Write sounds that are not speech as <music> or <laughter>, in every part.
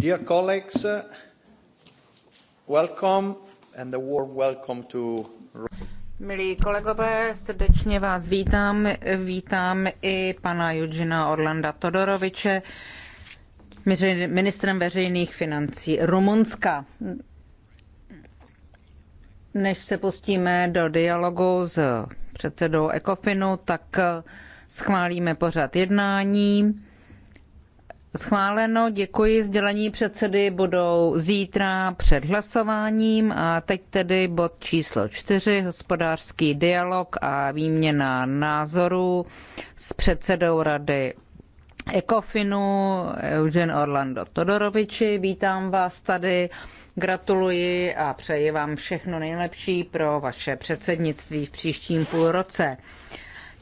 Dear colleagues, uh, welcome and a warm welcome to Milí kolegové, srdečně vás vítám. Vítám i pana Judžina Orlanda Todoroviče, ministrem veřejných financí Rumunska. Než se pustíme do dialogu s předsedou Ekofinu, tak schválíme pořad jednání. Schváleno, děkuji. Sdělení předsedy budou zítra před hlasováním a teď tedy bod číslo čtyři, hospodářský dialog a výměna názorů s předsedou rady Ekofinu Eugen Orlando Todoroviči. Vítám vás tady, gratuluji a přeji vám všechno nejlepší pro vaše předsednictví v příštím půlroce.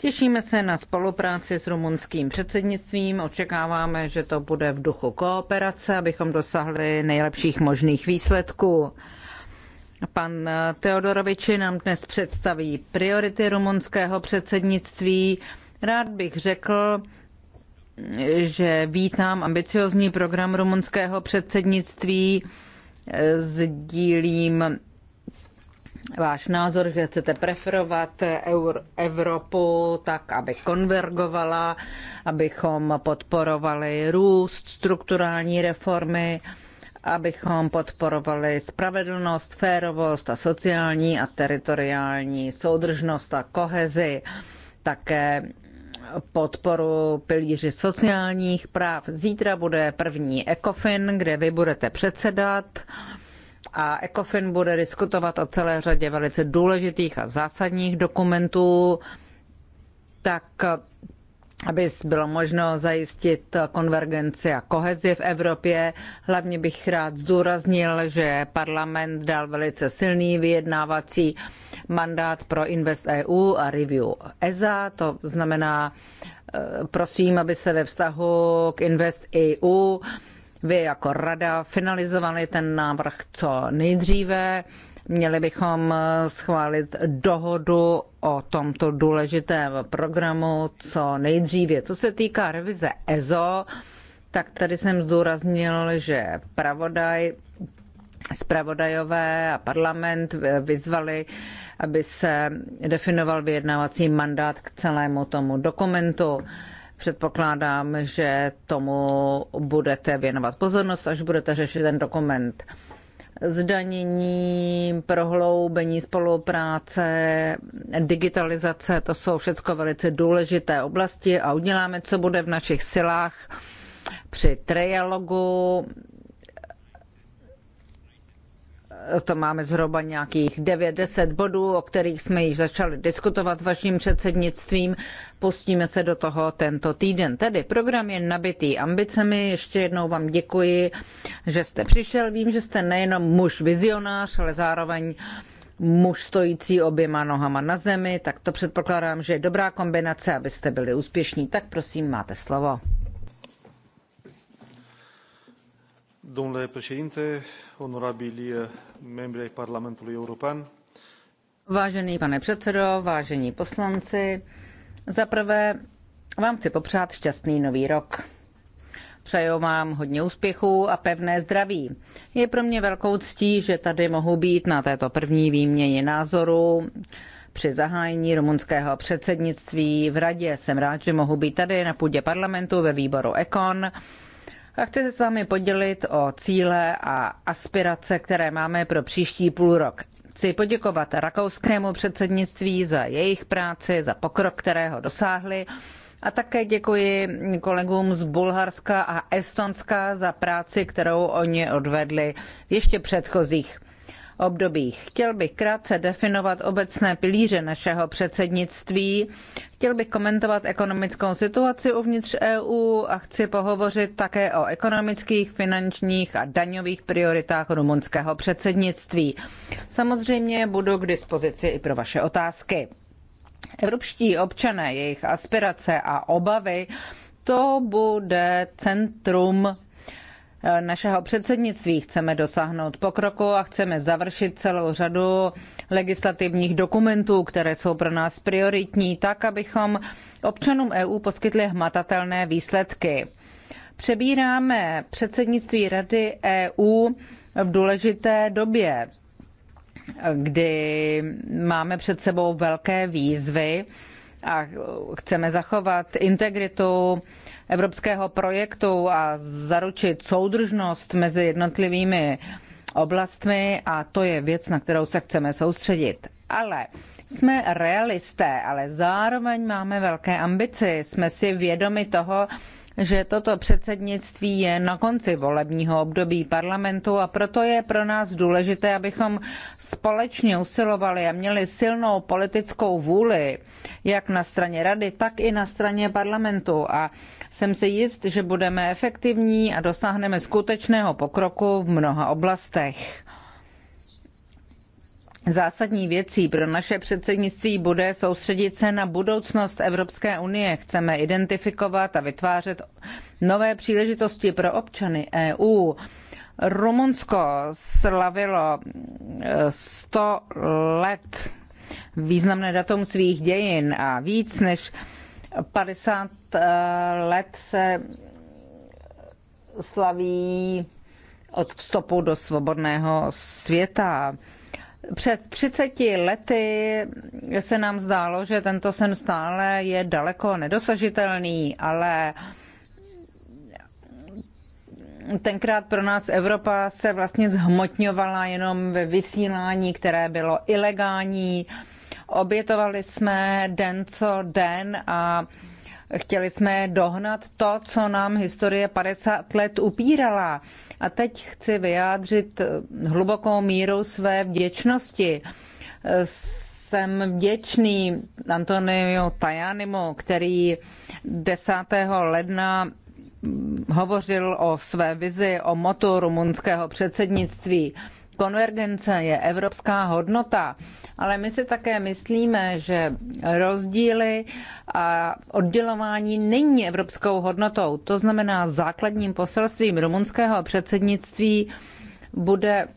Těšíme se na spolupráci s rumunským předsednictvím, očekáváme, že to bude v duchu kooperace, abychom dosahli nejlepších možných výsledků. Pan Teodoroviči nám dnes představí priority rumunského předsednictví. Rád bych řekl, že vítám ambiciozní program rumunského předsednictví, sdílím váš názor, že chcete preferovat Evropu tak, aby konvergovala, abychom podporovali růst, strukturální reformy, abychom podporovali spravedlnost, férovost a sociální a teritoriální soudržnost a kohezi, také podporu pilíři sociálních práv. Zítra bude první ECOFIN, kde vy budete předsedat. Uh, a ECOFIN bude diskutovat o celé řadě velice důležitých a zásadních dokumentů, tak aby bylo možno zajistit konvergenci a kohezi v Evropě. Hlavně bych rád zdůraznil, že parlament dal velice silný vyjednávací mandát pro Invest EU a review ESA. To znamená, eh, prosím, aby se ve vztahu k Invest EU vy jako rada finalizovali ten návrh co nejdříve. Měli bychom eh, schválit dohodu o tomto důležitém programu co nejdříve. Co se týká revize EZO, tak tady jsem zdůraznil, že pravodaj Spravodajové a parlament vyzvali, aby se definoval vyjednávací mandát k celému tomu dokumentu. Předpokládám, že tomu budete věnovat pozornost, až budete řešit ten dokument. Zdanění, prohloubení spolupráce, digitalizace, to jsou všechno velice důležité oblasti a uděláme, co bude v našich silách při trialogu to máme zhruba nějakých 9-10 bodů, o kterých jsme již začali diskutovat s vaším předsednictvím. Pustíme se do toho tento týden. Tedy program je nabitý ambicemi. Ještě jednou vám děkuji, že jste přišel. Vím, že jste nejenom muž vizionář, ale zároveň muž stojící oběma nohama na zemi, tak to předpokládám, že je dobrá kombinace, abyste byli úspěšní. Tak prosím, máte slovo. Domnule președinte, onorabili eh, membri ai Parlamentului European. Vážený pane předsedo, vážení poslanci, za prvé vám chci popřát šťastný nový rok. Přeju vám hodně úspěchů a pevné zdraví. Je pro mě velkou ctí, že tady mohu být na této první výměně názorů při zahájení rumunského předsednictví v radě. Jsem rád, že mohu být tady na půdě parlamentu ve výboru Econ a chci se s vámi podělit o cíle a aspirace, které máme pro příští půl rok. Chci poděkovat rakouskému předsednictví za jejich práci, za pokrok, kterého dosáhli. A také děkuji kolegům z Bulharska a Estonska za práci, kterou oni odvedli ještě předchozích obdobích. Chtěl bych krátce definovat obecné pilíře našeho předsednictví. Chtěl bych komentovat ekonomickou situaci uvnitř EU a chci pohovořit také o ekonomických, finančních a daňových prioritách rumunského předsednictví. Samozřejmě budu k dispozici i pro vaše otázky. Evropští občané, jejich aspirace a obavy, to bude centrum Eh, našeho předsednictví. Chceme dosáhnout pokroku a chceme završit celou řadu legislativních dokumentů, které jsou pro nás prioritní, tak, abychom občanům EU poskytli hmatatelné výsledky. Přebíráme předsednictví Rady EU v důležité době, kdy máme před sebou velké výzvy a chceme zachovat integritu evropského projektu a zaručit soudržnost mezi jednotlivými oblastmi a to je věc, na kterou se chceme soustředit. Ale jsme realisté, ale zároveň máme velké ambici. Jsme si vědomi toho, že toto předsednictví je na konci volebního období parlamentu a proto je pro nás důležité, abychom společně usilovali a měli silnou politickou vůli, jak na straně rady, tak i na straně parlamentu. A jsem si jist, že budeme efektivní a dosáhneme skutečného pokroku v mnoha oblastech. Zásadní věcí pro naše předsednictví bude soustředit se na budoucnost Evropské unie. Chceme identifikovat a vytvářet nové příležitosti pro občany EU. Rumunsko slavilo 100 eh, let významné datum svých dějin a víc než 50 eh, let se slaví od vstupu do svobodného světa. Před 30 lety se nám zdálo, že tento sen stále je daleko nedosažitelný, ale tenkrát pro nás Evropa se vlastně zhmotňovala jenom ve vysílání, které bylo ilegální. Obětovali jsme den co den a Chtěli jsme dohnat to, co nám historie 50 let upírala. A teď chci vyjádřit hlubokou míru své vděčnosti. Jsem vděčný Antonio Tajanimu, který 10. ledna hovořil o své vizi, o motu rumunského předsednictví konvergence je evropská hodnota, ale my si také myslíme, že rozdíly a oddělování není evropskou hodnotou. To znamená, základním poselstvím rumunského předsednictví bude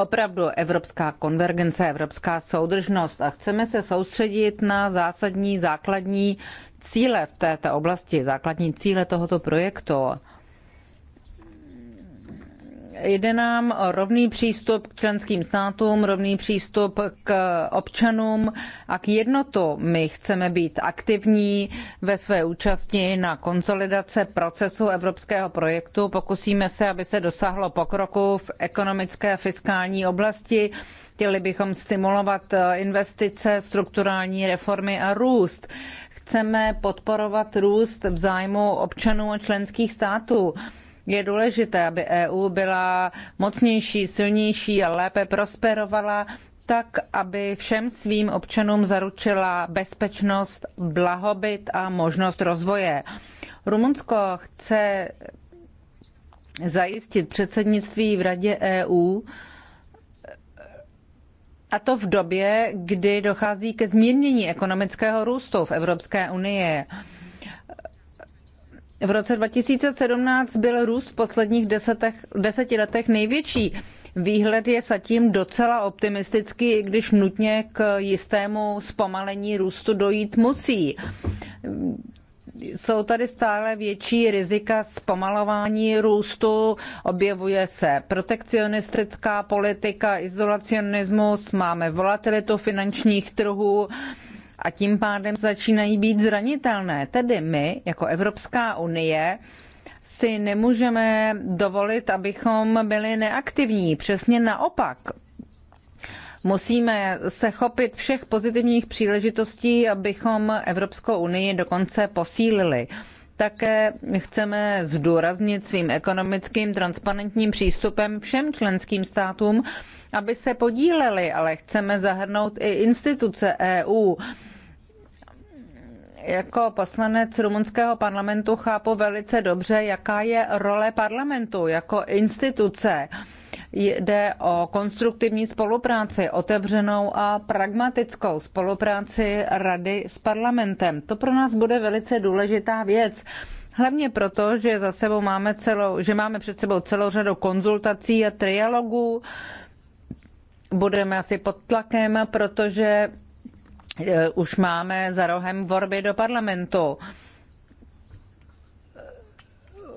opravdu evropská konvergence, evropská soudržnost a chceme se soustředit na zásadní, základní cíle v této oblasti, základní cíle tohoto projektu. Jde nám o rovný přístup k členským státům, rovný přístup k občanům a k jednotu. My chceme být aktivní ve své účasti na konsolidace procesu evropského projektu. Pokusíme se, aby se dosáhlo pokroku v ekonomické a fiskální oblasti. Chtěli bychom stimulovat eh, investice, strukturální reformy a růst chceme podporovat růst v zájmu občanů a členských států. Je důležité, aby EU byla mocnější, silnější a lépe prosperovala tak, aby všem svým občanům zaručila bezpečnost, blahobyt a možnost rozvoje. Rumunsko chce zajistit předsednictví v Radě EU a to v době, kdy dochází ke zmírnění ekonomického růstu v Evropské unii. V roce 2017 byl růst v posledních desetech, deseti letech největší. Výhled je zatím docela optimistický, i když nutně k jistému zpomalení růstu dojít musí. Jsou tady stále větší rizika zpomalování růstu, objevuje se protekcionistická politika, izolacionismus, máme volatilitu finančních trhů, a tím pádem začínají být zranitelné. Tedy my, jako Evropská unie, si nemůžeme dovolit, abychom byli neaktivní. Přesně naopak. Musíme se chopit všech pozitivních příležitostí, abychom Evropskou unii dokonce posílili. Také chceme zdůraznit svým ekonomickým transparentním přístupem všem členským státům, aby se podíleli, ale chceme zahrnout i instituce EU jako poslanec rumunského parlamentu chápu velice dobře, jaká je role parlamentu jako instituce. Jde o konstruktivní spolupráci, otevřenou a pragmatickou spolupráci rady s parlamentem. To pro nás bude velice důležitá věc. Hlavně proto, že, za sebou máme celou, že máme před sebou celou řadu konzultací a trialogů. Budeme asi pod tlakem, protože Eh, už máme za rohem vorby do parlamentu.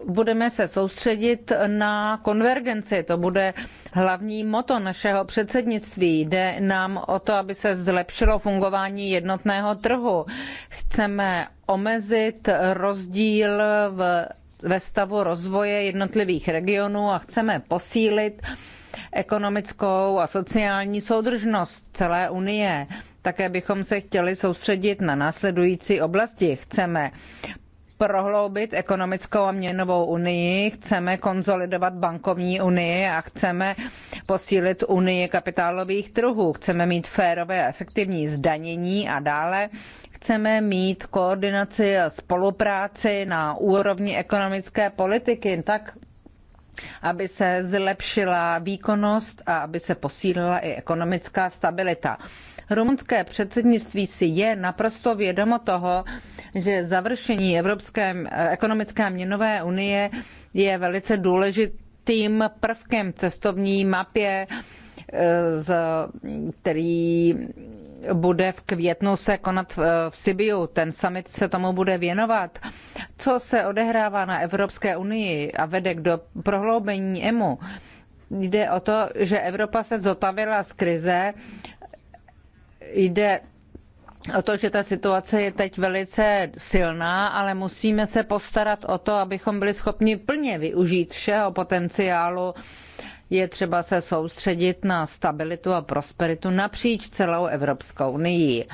Budeme se soustředit na konvergenci. To bude hlavní moto našeho předsednictví. Jde nám o to, aby se zlepšilo fungování jednotného trhu. Chceme omezit rozdíl v, ve stavu rozvoje jednotlivých regionů a chceme posílit ekonomickou a sociální soudržnost celé Unie. Také bychom se chtěli soustředit na následující oblasti. Chceme prohloubit ekonomickou a měnovou unii, chceme konzolidovat bankovní unii a chceme posílit unii kapitálových trhů. Chceme mít férové a efektivní zdanění a dále chceme mít koordinaci a spolupráci na úrovni ekonomické politiky, tak aby se zlepšila výkonnost a aby se posílila i ekonomická stabilita. Rumunské předsednictví si je naprosto vědomo toho, že završení Evropské eh, ekonomické a měnové unie je velice důležitým prvkem cestovní mapě, eh, který bude v květnu se konat eh, v, Sibiu. Ten summit se tomu bude věnovat. Co se odehrává na Evropské unii a vede k prohloubení EMU? Jde o to, že Evropa se zotavila z krize, jde o to, že ta situace je teď velice silná, ale musíme se postarat o to, abychom byli schopni plně využít všeho potenciálu. Je třeba se soustředit na stabilitu a prosperitu napříč celou Evropskou unii.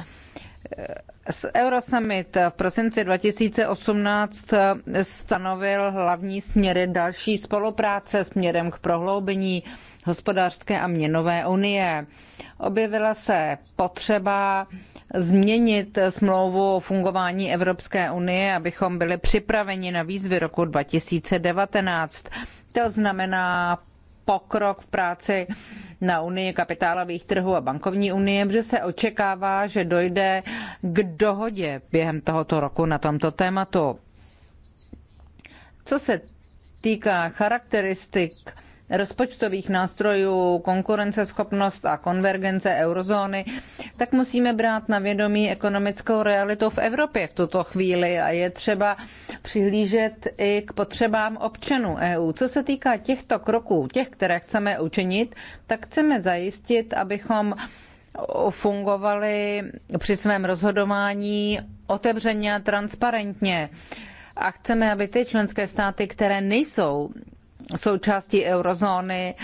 Eurosummit v prosinci 2018 stanovil hlavní směry další spolupráce směrem k prohloubení hospodářské a měnové unie. Objevila se potřeba změnit smlouvu o fungování Evropské unie, abychom byli připraveni na výzvy roku 2019. To znamená pokrok v práci na Unii kapitálových trhů a bankovní unie, že se očekává, že dojde k dohodě během tohoto roku na tomto tématu. Co se týká charakteristik rozpočtových nástrojů konkurenceschopnost a konvergence eurozóny, tak musíme brát na vědomí ekonomickou realitu v Evropě v tuto chvíli a je třeba přihlížet i k potřebám občanů EU. Co se týká těchto kroků, těch, které chceme učinit, tak chceme zajistit, abychom fungovali při svém rozhodování otevřeně a transparentně. A chceme, aby ty členské státy, které nejsou součástí eurozóny,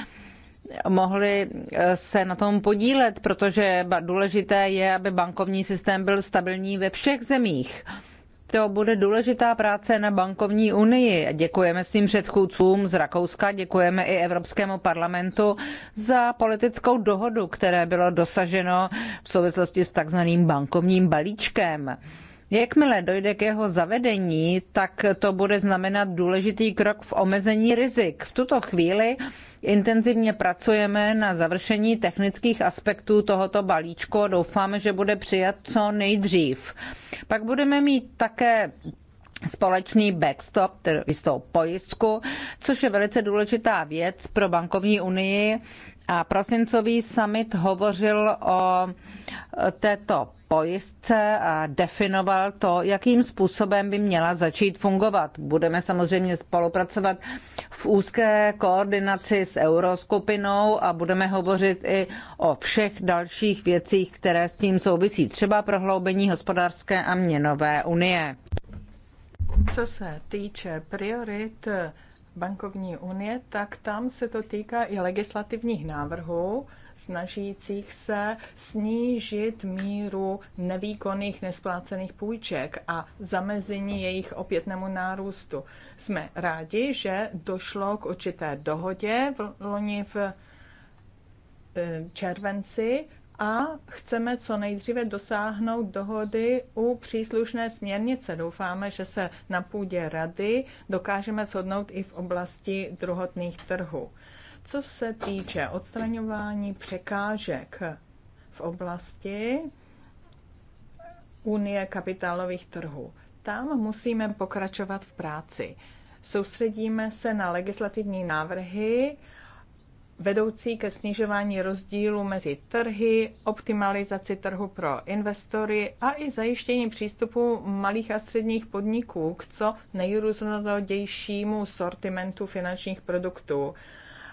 mohli eh, se na tom podílet, protože důležité je, aby bankovní systém byl stabilní ve všech zemích. To bude důležitá práce na bankovní unii. Děkujeme svým předchůdcům z Rakouska, děkujeme i Evropskému parlamentu za politickou dohodu, které bylo dosaženo v souvislosti s takzvaným bankovním balíčkem. Jakmile dojde k jeho zavedení, tak to bude znamenat důležitý krok v omezení rizik. V tuto chvíli intenzivně pracujeme na završení technických aspektů tohoto balíčku. Doufáme, že bude přijat co nejdřív. Pak budeme mít také společný backstop, tedy jistou pojistku, což je velice důležitá věc pro bankovní unii a prosincový summit hovořil o této pojistce a definoval to, jakým způsobem by měla začít fungovat. Budeme samozřejmě spolupracovat v úzké koordinaci s euroskupinou a budeme hovořit i o všech dalších věcích, které s tím souvisí, třeba prohloubení hospodářské a měnové unie. Co se týče priorit bankovní unie, tak tam se to týká i legislativních návrhů, snažících se snížit míru nevýkonných nesplácených půjček a zamezení jejich opětnému nárůstu. Jsme rádi, že došlo k určité dohodě v loni v eh, červenci a chceme co nejdříve dosáhnout dohody u příslušné směrnice. Doufáme, že se na půdě rady dokážeme shodnout i v oblasti druhotných trhů. Co se týče odstraňování překážek v oblasti Unie kapitálových trhů, tam musíme pokračovat v práci. Soustředíme se na legislativní návrhy, vedoucí ke snižování rozdílu mezi trhy, optimalizaci trhu pro investory a i zajištění přístupu malých a středních podniků k co nejrůznorodějšímu sortimentu finančních produktů.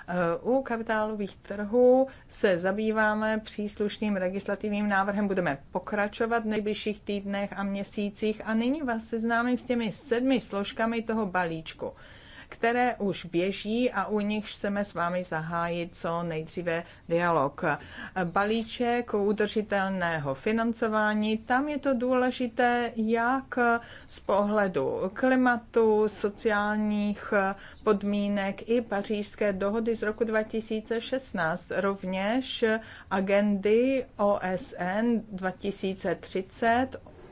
Eh, u kapitálových trhů se zabýváme příslušným legislativním návrhem. Budeme pokračovat v nejbližších týdnech a měsících a nyní vás seznámím s těmi sedmi složkami toho balíčku které už běží a u nich chceme s vámi zahájit co nejdříve dialog. Balíček udržitelného financování, tam je to důležité jak z pohledu klimatu, sociálních podmínek i pařížské dohody z roku 2016, rovněž agendy OSN 2030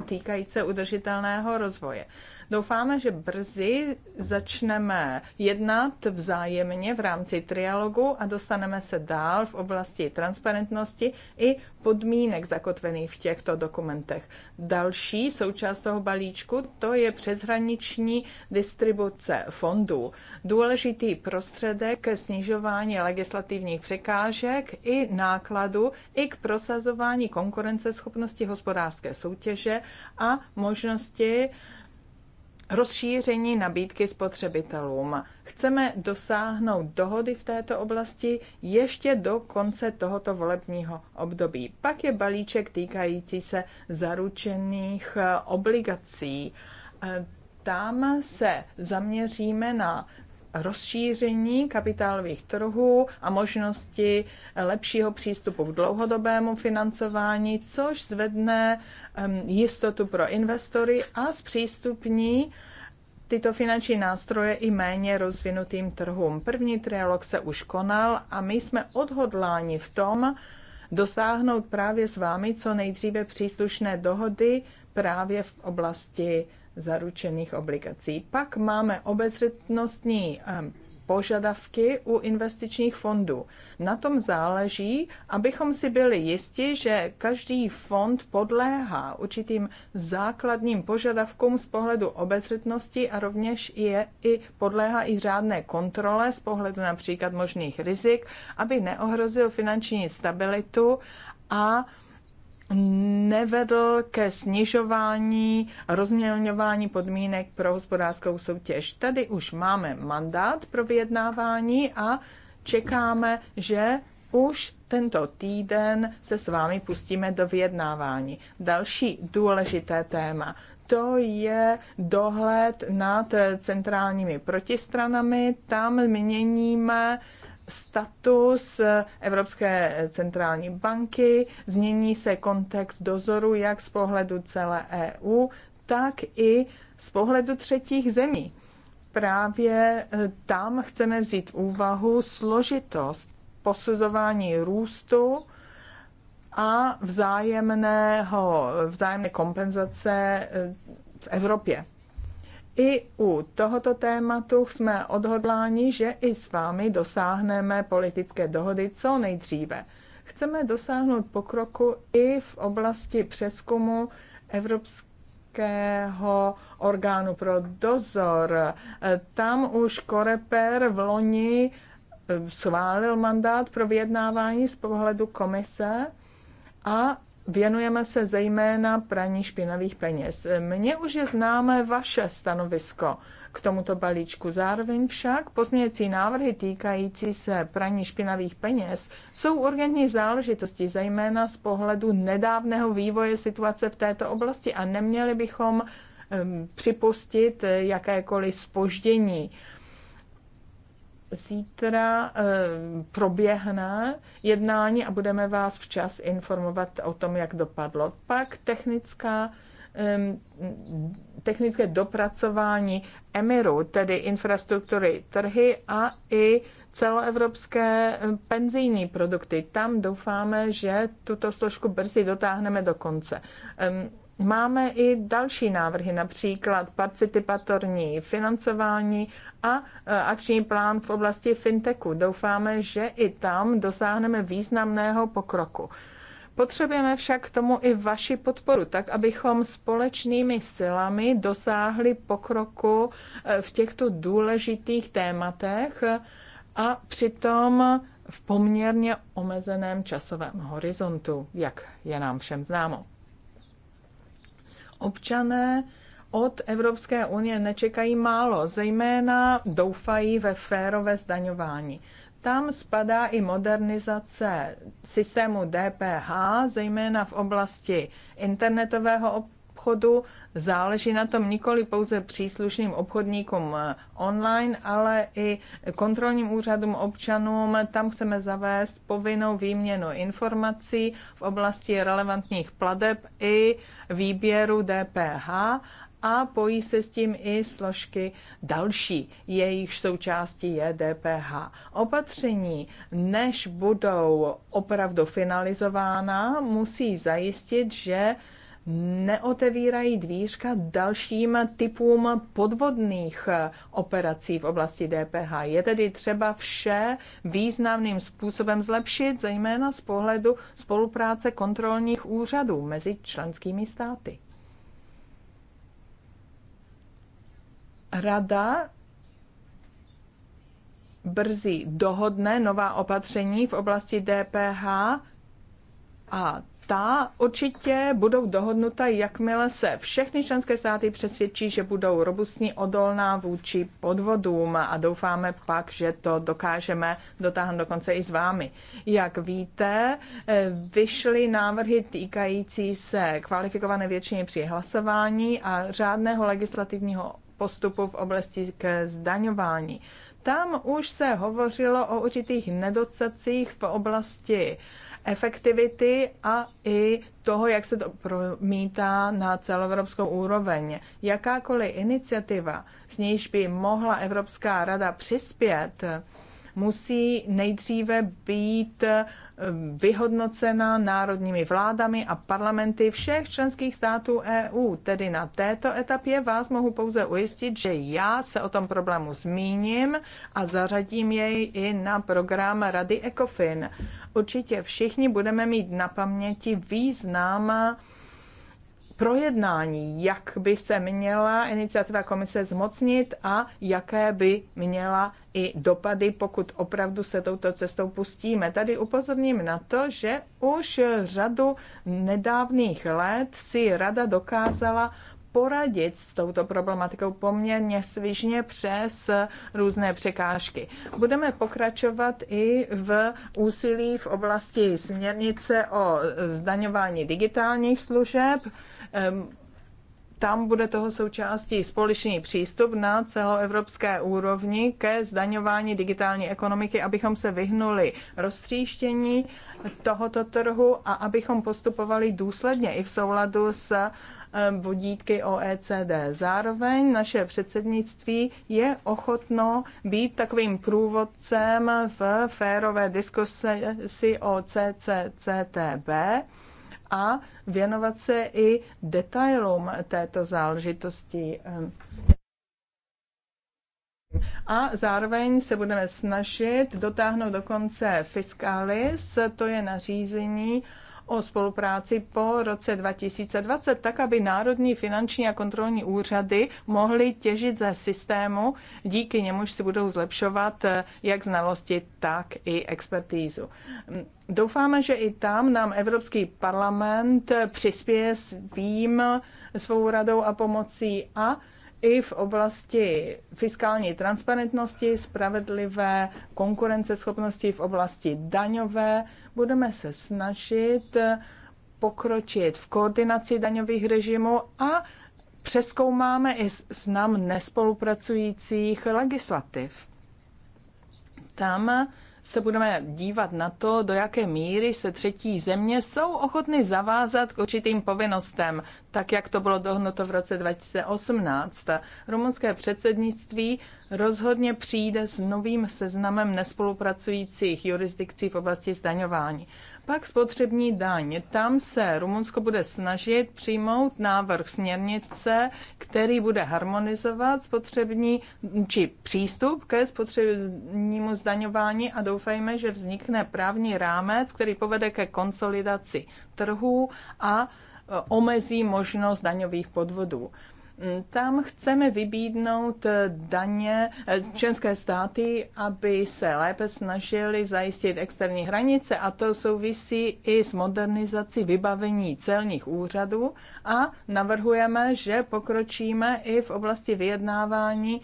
týkající udržitelného rozvoje. Doufáme, že brzy začneme jednat vzájemně v rámci trialogu a dostaneme se dál v oblasti transparentnosti i podmínek zakotvených v těchto dokumentech. Další součást toho balíčku to je přeshraniční distribuce fondů. Důležitý prostředek ke snižování legislativních překážek i nákladu i k prosazování konkurenceschopnosti hospodářské soutěže a možnosti rozšíření nabídky spotřebitelům. Chceme dosáhnout dohody v této oblasti ještě do konce tohoto volebního období. Pak je balíček týkající se zaručených eh, obligací. Eh, tam se zaměříme na rozšíření kapitálových trhů a možnosti lepšího přístupu k dlouhodobému financování, což zvedne jistotu pro investory a zpřístupní tyto finanční nástroje i méně rozvinutým trhům. První trialog se už konal a my jsme odhodláni v tom dosáhnout právě s vámi co nejdříve příslušné dohody právě v oblasti zaručených obligací. Pak máme obezřetnostní ehm, požadavky u investičních fondů. Na tom záleží, abychom si byli jisti, že každý fond podléhá určitým základním požadavkům z pohledu obezřetnosti a rovněž je i podléhá i řádné kontrole z pohledu například možných rizik, aby neohrozil finanční stabilitu a nevedl ke snižování, rozmělňování podmínek pro hospodářskou soutěž. Tady už máme mandát pro vyjednávání a čekáme, že už tento týden se s vámi pustíme do vyjednávání. Další důležité téma to je dohled nad centrálními protistranami. Tam měníme status Evropské centrální banky, změní se kontext dozoru jak z pohledu celé EU, tak i z pohledu třetích zemí. Právě eh, tam chceme vzít v úvahu složitost posuzování růstu a vzájemného, vzájemné kompenzace eh, v Evropě. I u tohoto tématu jsme odhodláni, že i s vámi dosáhneme politické dohody co nejdříve. Chceme dosáhnout pokroku i v oblasti přeskumu Evropského orgánu pro dozor. Tam už Koreper v loni eh, schválil mandát pro vyjednávání z pohledu komise a Věnujeme se zejména praní špinavých peněz. Mně už je známe vaše stanovisko k tomuto balíčku. Zároveň však pozměňující návrhy týkající se praní špinavých peněz jsou urgentní záležitosti, zejména z pohledu nedávného vývoje situace v této oblasti a neměli bychom připustit jakékoliv spoždění Zítra eh, proběhne jednání a budeme vás včas informovat o tom, jak dopadlo. Pak technická eh, technické dopracování Emiru, tedy infrastruktury trhy a i celoevropské eh, penzijní produkty. Tam doufáme, že tuto složku brzy dotáhneme do konce. Máme i další návrhy, například participatorní financování a e, akční plán v oblasti fintechu. Doufáme, že i tam dosáhneme významného pokroku. Potřebujeme však k tomu i vaši podporu, tak abychom společnými silami dosáhli pokroku e, v těchto důležitých tématech a přitom v poměrně omezeném časovém horizontu, jak je nám všem známo. Občané od Evropské unie nečekají málo, zejména doufají ve férové zdaňování. Tam spadá i modernizace systému DPH, zejména v oblasti internetového obchodu, Záleží na tom nikoli pouze příslušným obchodníkům eh, online, ale i kontrolním úřadům občanům. Tam chceme zavést povinnou výměnu informací v oblasti relevantních pladeb i výběru DPH a pojí se s tím i složky další, jejich součástí je DPH. Opatření, než budou opravdu finalizována, musí zajistit, že neotevírají dvířka dalším typům podvodných operací v oblasti DPH. Je tedy třeba vše významným způsobem zlepšit, zejména z pohledu spolupráce kontrolních úřadů mezi členskými státy. Rada brzy dohodne nová opatření v oblasti DPH a ta určitě budou dohodnuta, jakmile se všechny členské státy přesvědčí, že budou robustní, odolná vůči podvodům a doufáme pak, že to dokážeme dotáhnout dokonce i s vámi. Jak víte, eh, vyšly návrhy týkající se kvalifikované většiny při hlasování a řádného legislativního postupu v oblasti k zdaňování. Tam už se hovořilo o určitých nedocacích v oblasti efektivity a i toho, jak se to promítá na celoevropskou úroveň. Jakákoliv iniciativa, s níž by mohla Evropská rada přispět, musí nejdříve být eh, vyhodnocena národními vládami a parlamenty všech členských států EU. Tedy na této etapě vás mohu pouze ujistit, že já se o tom problému zmíním a zařadím jej i na program Rady ECOFIN. Určitě všichni budeme mít na paměti význam projednání, jak by se měla iniciativa komise zmocnit a jaké by měla i dopady, pokud opravdu se touto cestou pustíme. Tady upozorním na to, že už řadu nedávných let si rada dokázala poradit s touto problematikou poměrně svižně přes různé překážky. Budeme pokračovat i v úsilí v oblasti směrnice o zdaňování digitálních služeb tam bude toho součástí společný přístup na celoevropské úrovni ke zdaňování digitální ekonomiky, abychom se vyhnuli roztříštění tohoto trhu a abychom postupovali důsledně i v souladu s vodítky OECD. Zároveň naše předsednictví je ochotno být takovým průvodcem v férové diskusi o CCCTB a věnovat se i detailům této záležitosti. A zároveň se budeme snažit dotáhnout do konce Fiscalis, to je nařízení o spolupráci po roce 2020, tak aby národní finanční a kontrolní úřady mohly těžit ze systému, díky němuž si budou zlepšovat jak znalosti, tak i expertízu. Doufáme, že i tam nám Evropský parlament přispěje svým, svou radou a pomocí a i v oblasti fiskální transparentnosti, spravedlivé konkurenceschopnosti v oblasti daňové. Budeme se snažit pokročit v koordinaci daňových režimů a přeskoumáme i znam nespolupracujících legislativ. Tam se budeme dívat na to, do jaké míry se třetí země jsou ochotny zavázat k určitým povinnostem, tak jak to bylo dohnuto v roce 2018. Rumunské předsednictví rozhodně přijde s novým seznamem nespolupracujících jurisdikcí v oblasti zdaňování. Pak spotřební daň. Tam se Rumunsko bude snažit přijmout návrh směrnice, který bude harmonizovat spotřební či přístup ke spotřebnímu zdaňování a doufejme, že vznikne právní rámec, který povede ke konsolidaci trhů a e, omezí možnost daňových podvodů. Tam chceme vybídnout daně eh, členské státy, aby se lépe snažili zajistit externí hranice a to souvisí i s modernizací vybavení celních úřadů a navrhujeme, že pokročíme i v oblasti vyjednávání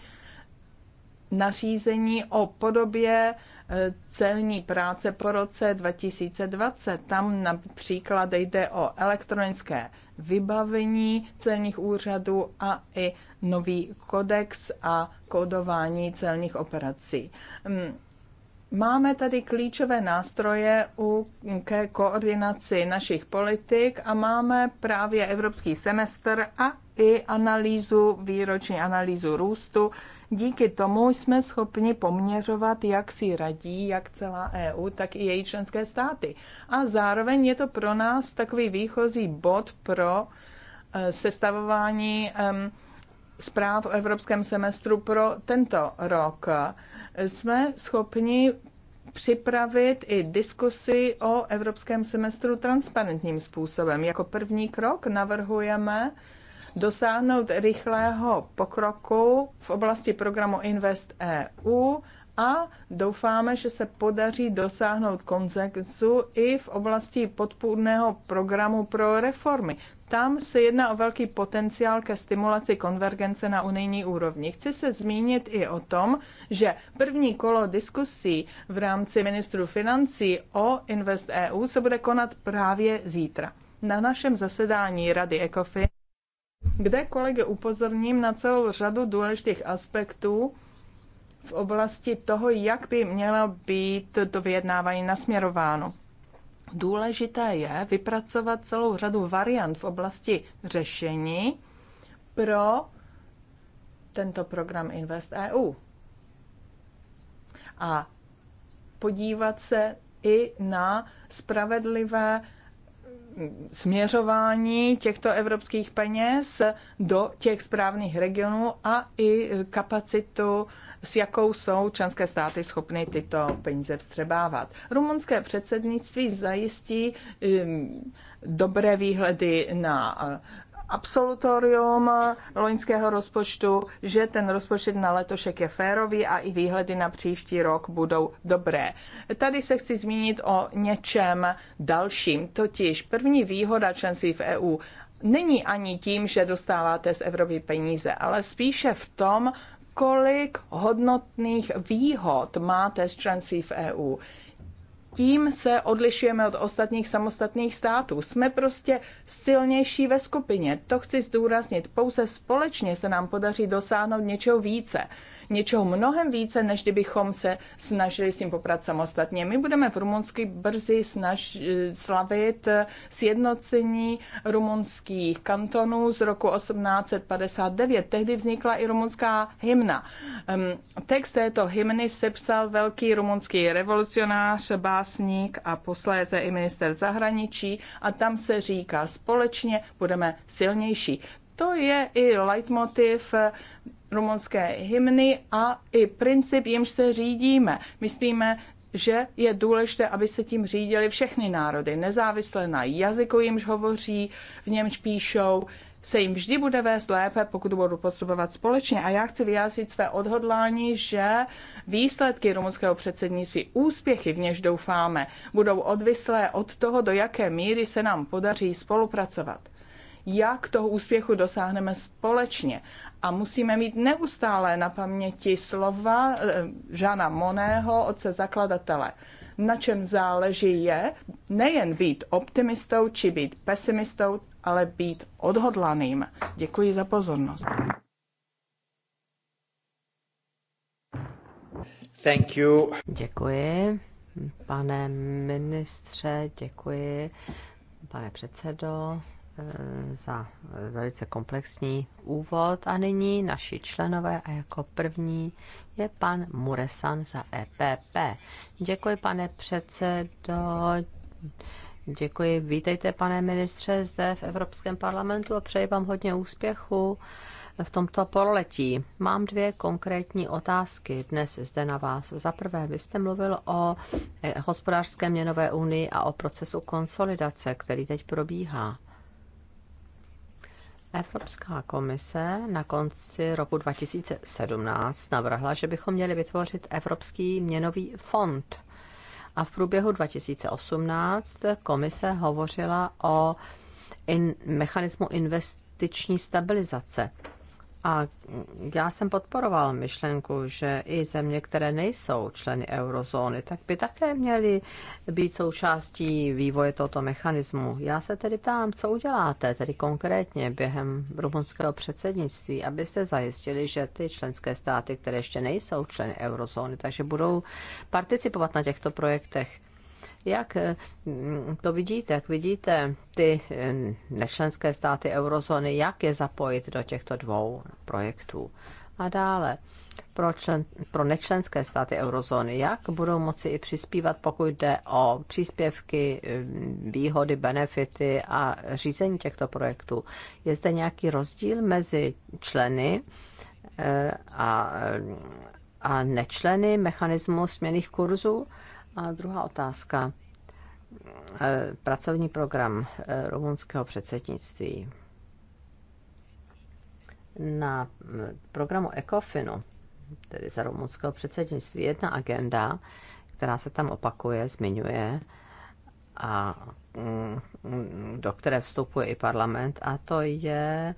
nařízení o podobě eh, celní práce po roce 2020. Tam například jde o elektronické vybavení celních úřadů a i nový kodex a kodování celních operací. Mm, máme tady klíčové nástroje u, ke koordinaci našich politik a máme právě evropský semestr a i analýzu, výroční analýzu růstu, Díky tomu jsme schopni poměřovat, jak si radí jak celá EU, tak i její členské státy. A zároveň je to pro nás takový výchozí bod pro eh, sestavování zpráv o evropském semestru pro tento rok. Jsme schopni připravit i diskusy o evropském semestru transparentním způsobem. Jako první krok navrhujeme dosáhnout rychlého pokroku v oblasti programu Invest EU a doufáme, že se podaří dosáhnout konzenzu i v oblasti podpůrného programu pro reformy. Tam se jedná o velký potenciál ke stimulaci konvergence na unijní úrovni. Chci se zmínit i o tom, že první kolo diskusí v rámci ministrů financí o Invest EU se bude konat právě zítra. Na našem zasedání Rady ECOFIN kde kolegy upozorním na celou řadu důležitých aspektů v oblasti toho, jak by mělo být to vyjednávání nasměrováno. Důležité je vypracovat celou řadu variant v oblasti řešení pro tento program Invest EU. A podívat se i na spravedlivé směřování těchto evropských peněz do těch správných regionů a i kapacitu, s jakou jsou členské státy schopny tyto peníze vstřebávat. Rumunské předsednictví zajistí um, dobré výhledy na absolutorium loňského rozpočtu, že ten rozpočet na letošek je férový a i výhledy na příští rok budou dobré. Tady se chci zmínit o něčem dalším, totiž první výhoda členství v EU není ani tím, že dostáváte z Evropy peníze, ale spíše v tom, kolik hodnotných výhod máte z členství v EU tím se odlišujeme od ostatních samostatných států. Jsme prostě silnější ve skupině. To chci zdůraznit. Pouze společně se nám podaří dosáhnout něčeho více něčeho mnohem více, než kdybychom se snažili s tím poprat samostatně. My budeme v Rumunsku brzy snaž, eh, slavit eh, sjednocení rumunských kantonů z roku 1859. Tehdy vznikla i rumunská hymna. Ehm, text této hymny sepsal velký rumunský revolucionář, básník a posléze i minister zahraničí a tam se říká společně budeme silnější. To je i leitmotiv eh, rumunské hymny a i princip, jimž se řídíme. Myslíme, že je důležité, aby se tím řídili všechny národy, nezávisle na jazyku, jimž hovoří, v němž píšou, se jim vždy bude vést lépe, pokud budou postupovat společně. A já chci vyjádřit své odhodlání, že výsledky rumunského předsednictví, úspěchy, v něž doufáme, budou odvislé od toho, do jaké míry se nám podaří spolupracovat. Jak toho úspěchu dosáhneme společně. A musíme mít neustále na paměti slova eh, Žana Moného, otce zakladatele. Na čem záleží je nejen být optimistou či být pesimistou, ale být odhodlaným. Děkuji za pozornost. Thank you. Děkuji, pane ministře, děkuji, pane předsedo, za velice komplexní úvod a nyní naši členové a jako první je pan Muresan za EPP. Děkuji, pane předsedo. Děkuji. Vítejte, pane ministře, zde v Evropském parlamentu a přeji vám hodně úspěchu v tomto pololetí. Mám dvě konkrétní otázky dnes zde na vás. Za prvé, vy jste mluvil o eh, hospodářské měnové unii a o procesu konsolidace, který teď probíhá. Evropská komise na konci roku 2017 navrhla, že bychom měli vytvořit Evropský měnový fond. A v průběhu 2018 komise hovořila o in, mechanismu investiční stabilizace. A já jsem podporoval myšlenku, že i země, které nejsou členy eurozóny, tak by také měly být součástí vývoje tohoto mechanismu. Já se tedy ptám, co uděláte tedy konkrétně během rumunského předsednictví, abyste zajistili, že ty členské státy, které ještě nejsou členy eurozóny, takže budou participovat na těchto projektech. Jak eh, mm, to vidíte, jak vidíte ty eh, nečlenské státy eurozóny, jak je zapojit do těchto dvou projektů? A dále, pro, člen, pro nečlenské státy eurozóny, jak budou moci i přispívat, pokud jde o příspěvky, eh, výhody, benefity a řízení těchto projektů. Je zde nějaký rozdíl mezi členy a, a nečleny mechanismu směných kurzů? A druhá otázka. Eh, pracovní program eh, rumunského předsednictví. Na eh, programu ECOFINu, tedy za rumunského předsednictví, jedna agenda, která se tam opakuje, zmiňuje, a mm, do které vstupuje i parlament, a to je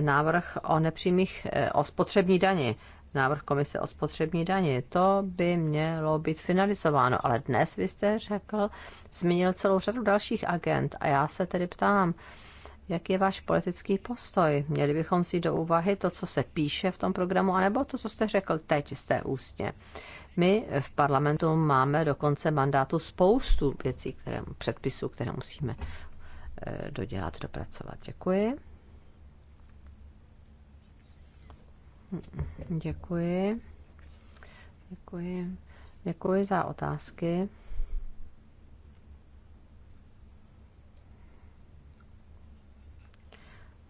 návrh o nepřímých, o spotřební dani návrh komise o spotřební dani. To by mělo být finalizováno, ale dnes vy jste řekl, zmínil celou řadu dalších agent a já se tedy ptám, jak je váš politický postoj? Měli bychom si do úvahy to, co se píše v tom programu, anebo to, co jste řekl teď z té ústně. My v parlamentu máme dokonce mandátu spoustu věcí, které, předpisů, které musíme eh, dodělat, dopracovat. Děkuji. Děkuji. Děkuji. Děkuji za otázky.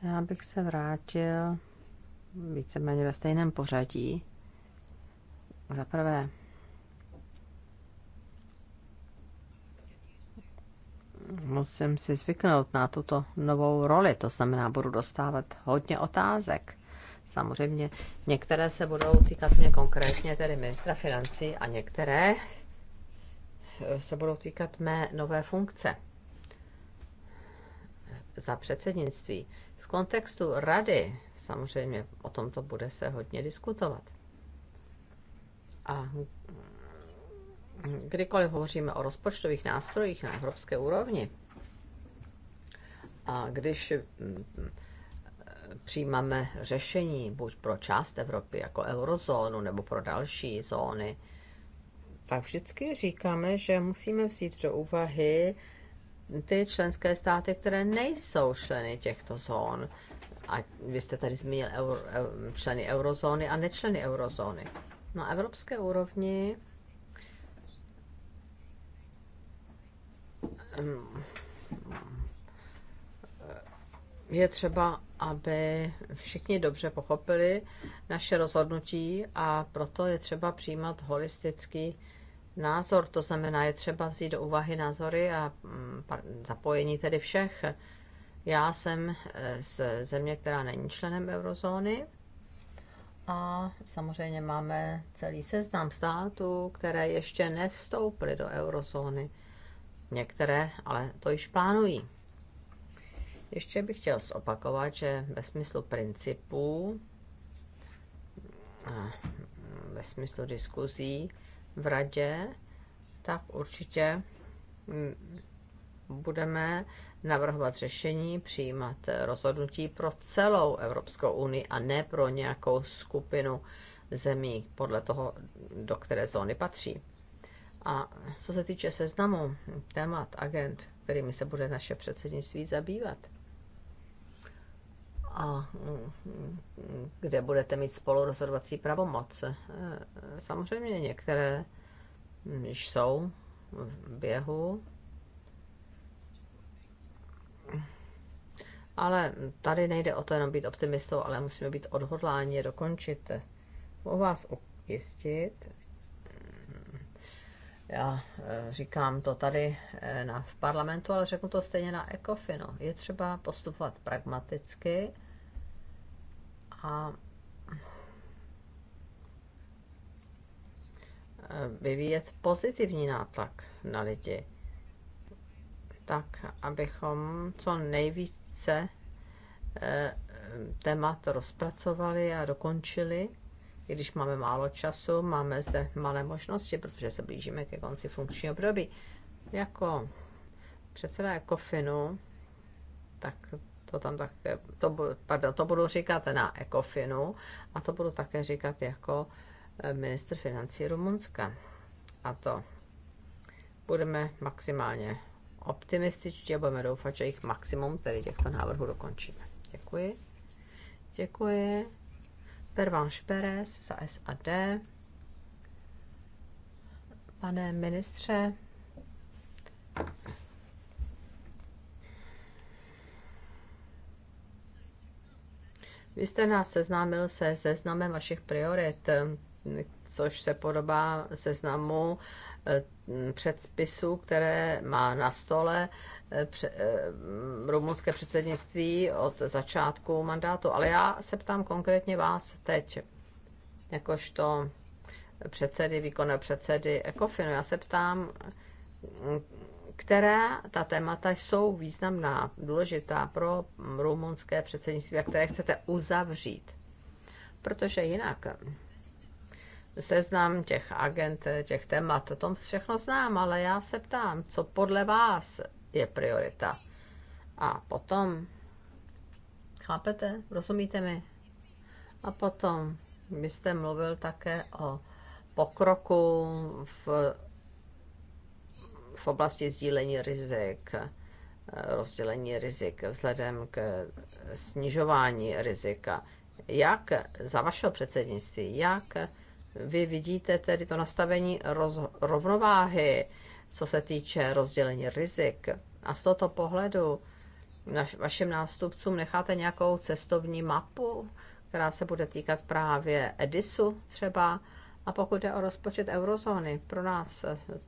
Já bych se vrátil víceméně ve stejném pořadí. Za prvé, musím si zvyknout na tuto novou roli, to znamená, budu dostávat hodně otázek. Samozřejmě některé se budou týkat mě konkrétně, tedy ministra financí, a některé eh, se budou týkat mé nové funkce za předsednictví. V kontextu rady samozřejmě o tomto bude se hodně diskutovat. A kdykoliv hovoříme o rozpočtových nástrojích na evropské úrovni, a když mm, přijímáme řešení buď pro část Evropy jako eurozónu nebo pro další zóny, tak vždycky říkáme, že musíme vzít do úvahy ty členské státy, které nejsou členy těchto zón. A vy jste tady zmínil euro, členy eurozóny a nečleny eurozóny. Na evropské úrovni mm, je třeba aby všichni dobře pochopili naše rozhodnutí a proto je třeba přijímat holistický názor. To znamená, je třeba vzít do úvahy názory a mm, zapojení tedy všech. Já jsem e, z země, která není členem eurozóny a samozřejmě máme celý seznam států, které ještě nevstoupily do eurozóny. Některé ale to již plánují. Ještě bych chtěl zopakovat, že ve smyslu principů a ve smyslu diskuzí v radě, tak určitě budeme navrhovat řešení, přijímat rozhodnutí pro celou Evropskou unii a ne pro nějakou skupinu zemí podle toho, do které zóny patří. A co se týče seznamu témat, agent, kterými se bude naše předsednictví zabývat, a kde budete mít spolu rozhodovací pravomoc. E, samozřejmě některé již jsou v běhu, ale tady nejde o to jenom být optimistou, ale musíme být odhodláni dokončit. Mohu vás ujistit, já e, říkám to tady e, na, v parlamentu, ale řeknu to stejně na ECOFINu. Je třeba postupovat pragmaticky, a e, vyvíjet pozitivní nátlak na lidi, tak abychom co nejvíce e, témat rozpracovali a dokončili. I když máme málo času, máme zde malé možnosti, protože se blížíme ke konci funkčního období. Jako předseda kofinu? tak to tam tak, eh, to, pardon, to budu říkat na Ekofinu a to budu také říkat jako eh, minister financí Rumunska. A to budeme maximálně optimističtí a budeme doufat, že jich maximum tedy těchto návrhů dokončíme. Děkuji. Děkuji. Pervan Šperes za SAD. Pane ministře, Vy jste nás seznámil se seznamem vašich priorit, což se podobá seznamu eh, předpisů, které má na stole eh, eh, rumunské předsednictví od začátku mandátu. Ale já se ptám konkrétně vás teď, jakožto předsedy, výkonné předsedy Ekofinu. Já se ptám, která ta témata jsou významná, důležitá pro rumunské předsednictví a které chcete uzavřít. Protože jinak seznam těch agent, těch témat, to všechno znám, ale já se ptám, co podle vás je priorita. A potom, chápete, rozumíte mi? A potom, vy jste mluvil také o pokroku v v oblasti sdílení rizik, eh, rozdělení rizik vzhledem k snižování rizika. Jak za vašeho předsednictví, jak vy vidíte tedy to nastavení roz, rovnováhy, co se týče rozdělení rizik? A z tohoto pohledu naš, vašim nástupcům necháte nějakou cestovní mapu, která se bude týkat právě Edisu třeba, a pokud jde o rozpočet eurozóny, pro nás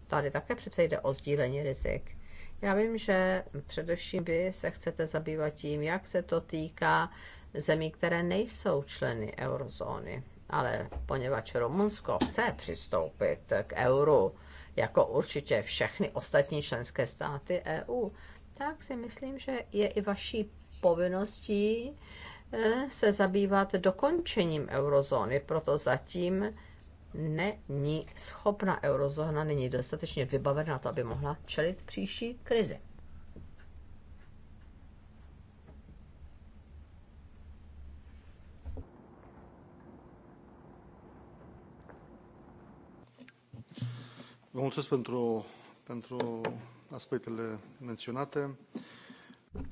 tady také přece jde o sdílení rizik. Já vím, že především vy se chcete zabývat tím, jak se to týká zemí, které nejsou členy eurozóny. Ale poněvadž Rumunsko chce přistoupit k euru, jako určitě všechny ostatní členské státy EU, tak si myslím, že je i vaší povinností eh, se zabývat dokončením eurozóny. Proto zatím není schopna eurozóna, není dostatečně vybavena na to, aby mohla čelit příští krizi. Vă mulțumesc pentru, pentru aspectele menționate.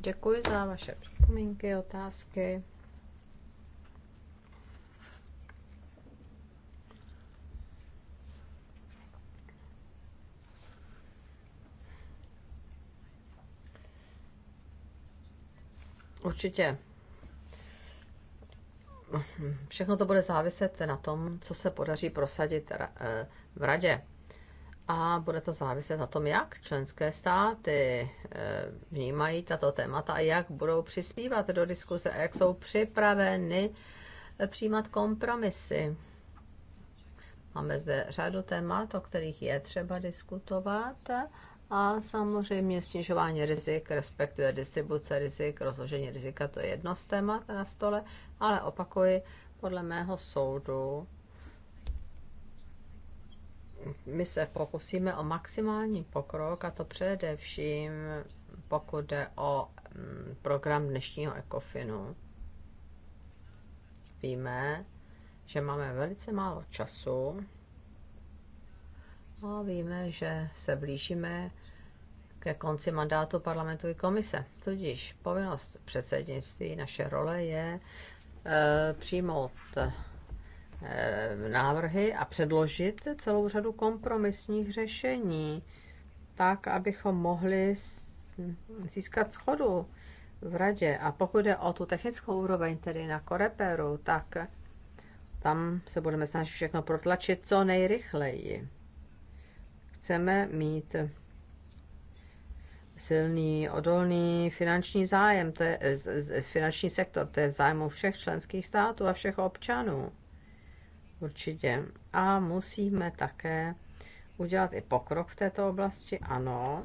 Děkuji za vaše připomínky, otázky. určitě všechno to bude záviset na tom, co se podaří prosadit eh, v radě. A bude to záviset na tom, jak členské státy eh, vnímají tato témata a jak budou přispívat do diskuze a jak jsou připraveny přijímat kompromisy. Máme zde řadu témat, o kterých je třeba diskutovat a samozřejmě snižování rizik, respektive distribuce rizik, rozložení rizika, to je jedno z témat na stole, ale opakuji, podle mého soudu my se pokusíme o maximální pokrok, a to především pokud jde o mm, program dnešního ECOFINu. Víme, že máme velice málo času a no, víme, že se blížíme ke konci mandátu parlamentu i komise. Tudíž povinnost předsednictví, naše role je e, přijmout e, návrhy a předložit celou řadu kompromisních řešení, tak, abychom mohli získat schodu v radě. A pokud jde o tu technickou úroveň, tedy na koreperu, tak tam se budeme snažit všechno protlačit co nejrychleji chceme mít silný, odolný finanční zájem, to je, finanční sektor, to je v zájmu všech členských států a všech občanů. Určitě. A musíme také udělat i pokrok v této oblasti, ano.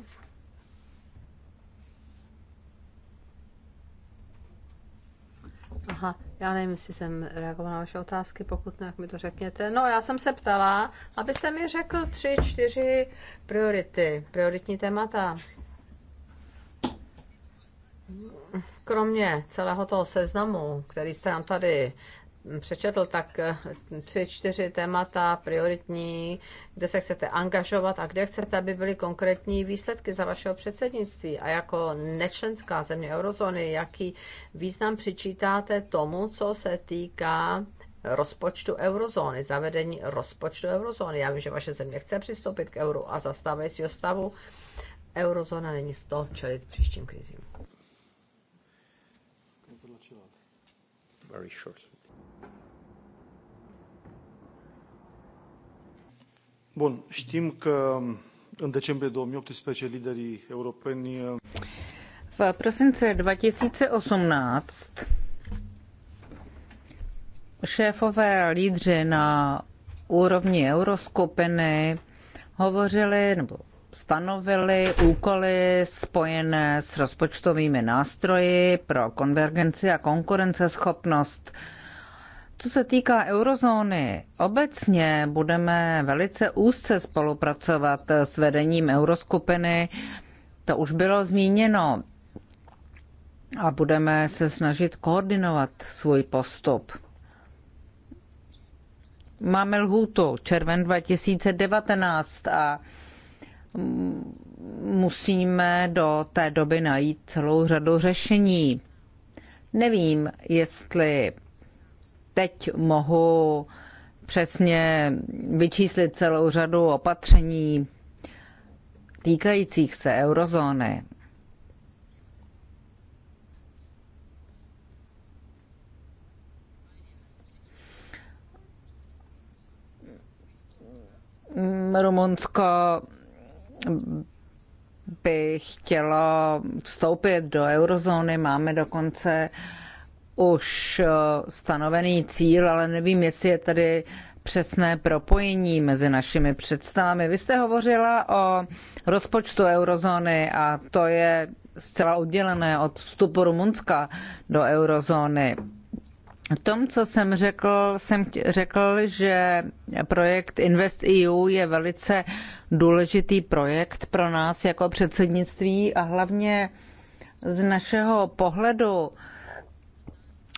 Aha, já nevím, jestli jsem reagovala na vaše otázky, pokud ne, jak mi to řekněte. No, já jsem se ptala, abyste mi řekl tři, čtyři priority, prioritní témata. Kromě celého toho seznamu, který jste nám tady přečetl, tak eh, tři, čtyři témata prioritní, kde se chcete angažovat a kde chcete, aby byly konkrétní výsledky za vašeho předsednictví. A jako nečlenská země eurozóny, jaký význam přičítáte tomu, co se týká rozpočtu eurozóny, zavedení rozpočtu eurozóny. Já vím, že vaše země chce přistoupit k euru a zastávajícího stavu eurozóna není z toho čelit příštím krizím. Very short. Bun, știm că um, în decembrie 2018 liderii europeni uh, v prosince 2018 šéfové lídře na úrovni Euroskopené hovořili nebo stanovili úkoly spojené s rozpočtovými nástroji pro konvergenci a konkurenceschopnost co se týká eurozóny, obecně budeme velice úzce spolupracovat s vedením euroskupiny, to už bylo zmíněno, a budeme se snažit koordinovat svůj postup. Máme lhůtu červen 2019 a musíme do té doby najít celou řadu řešení. Nevím, jestli teď mohu přesně vyčíslit celou řadu opatření týkajících se eurozóny. Rumunsko by chtělo vstoupit do eurozóny. Máme dokonce uh, už eh, stanovený cíl, ale nevím, jestli je tady přesné propojení mezi našimi představami. Vy jste hovořila o rozpočtu eurozóny a to je zcela oddělené od vstupu Rumunska do eurozóny. V tom, co jsem řekl, jsem řekl, že projekt InvestEU je velice důležitý projekt pro nás jako předsednictví a hlavně z našeho pohledu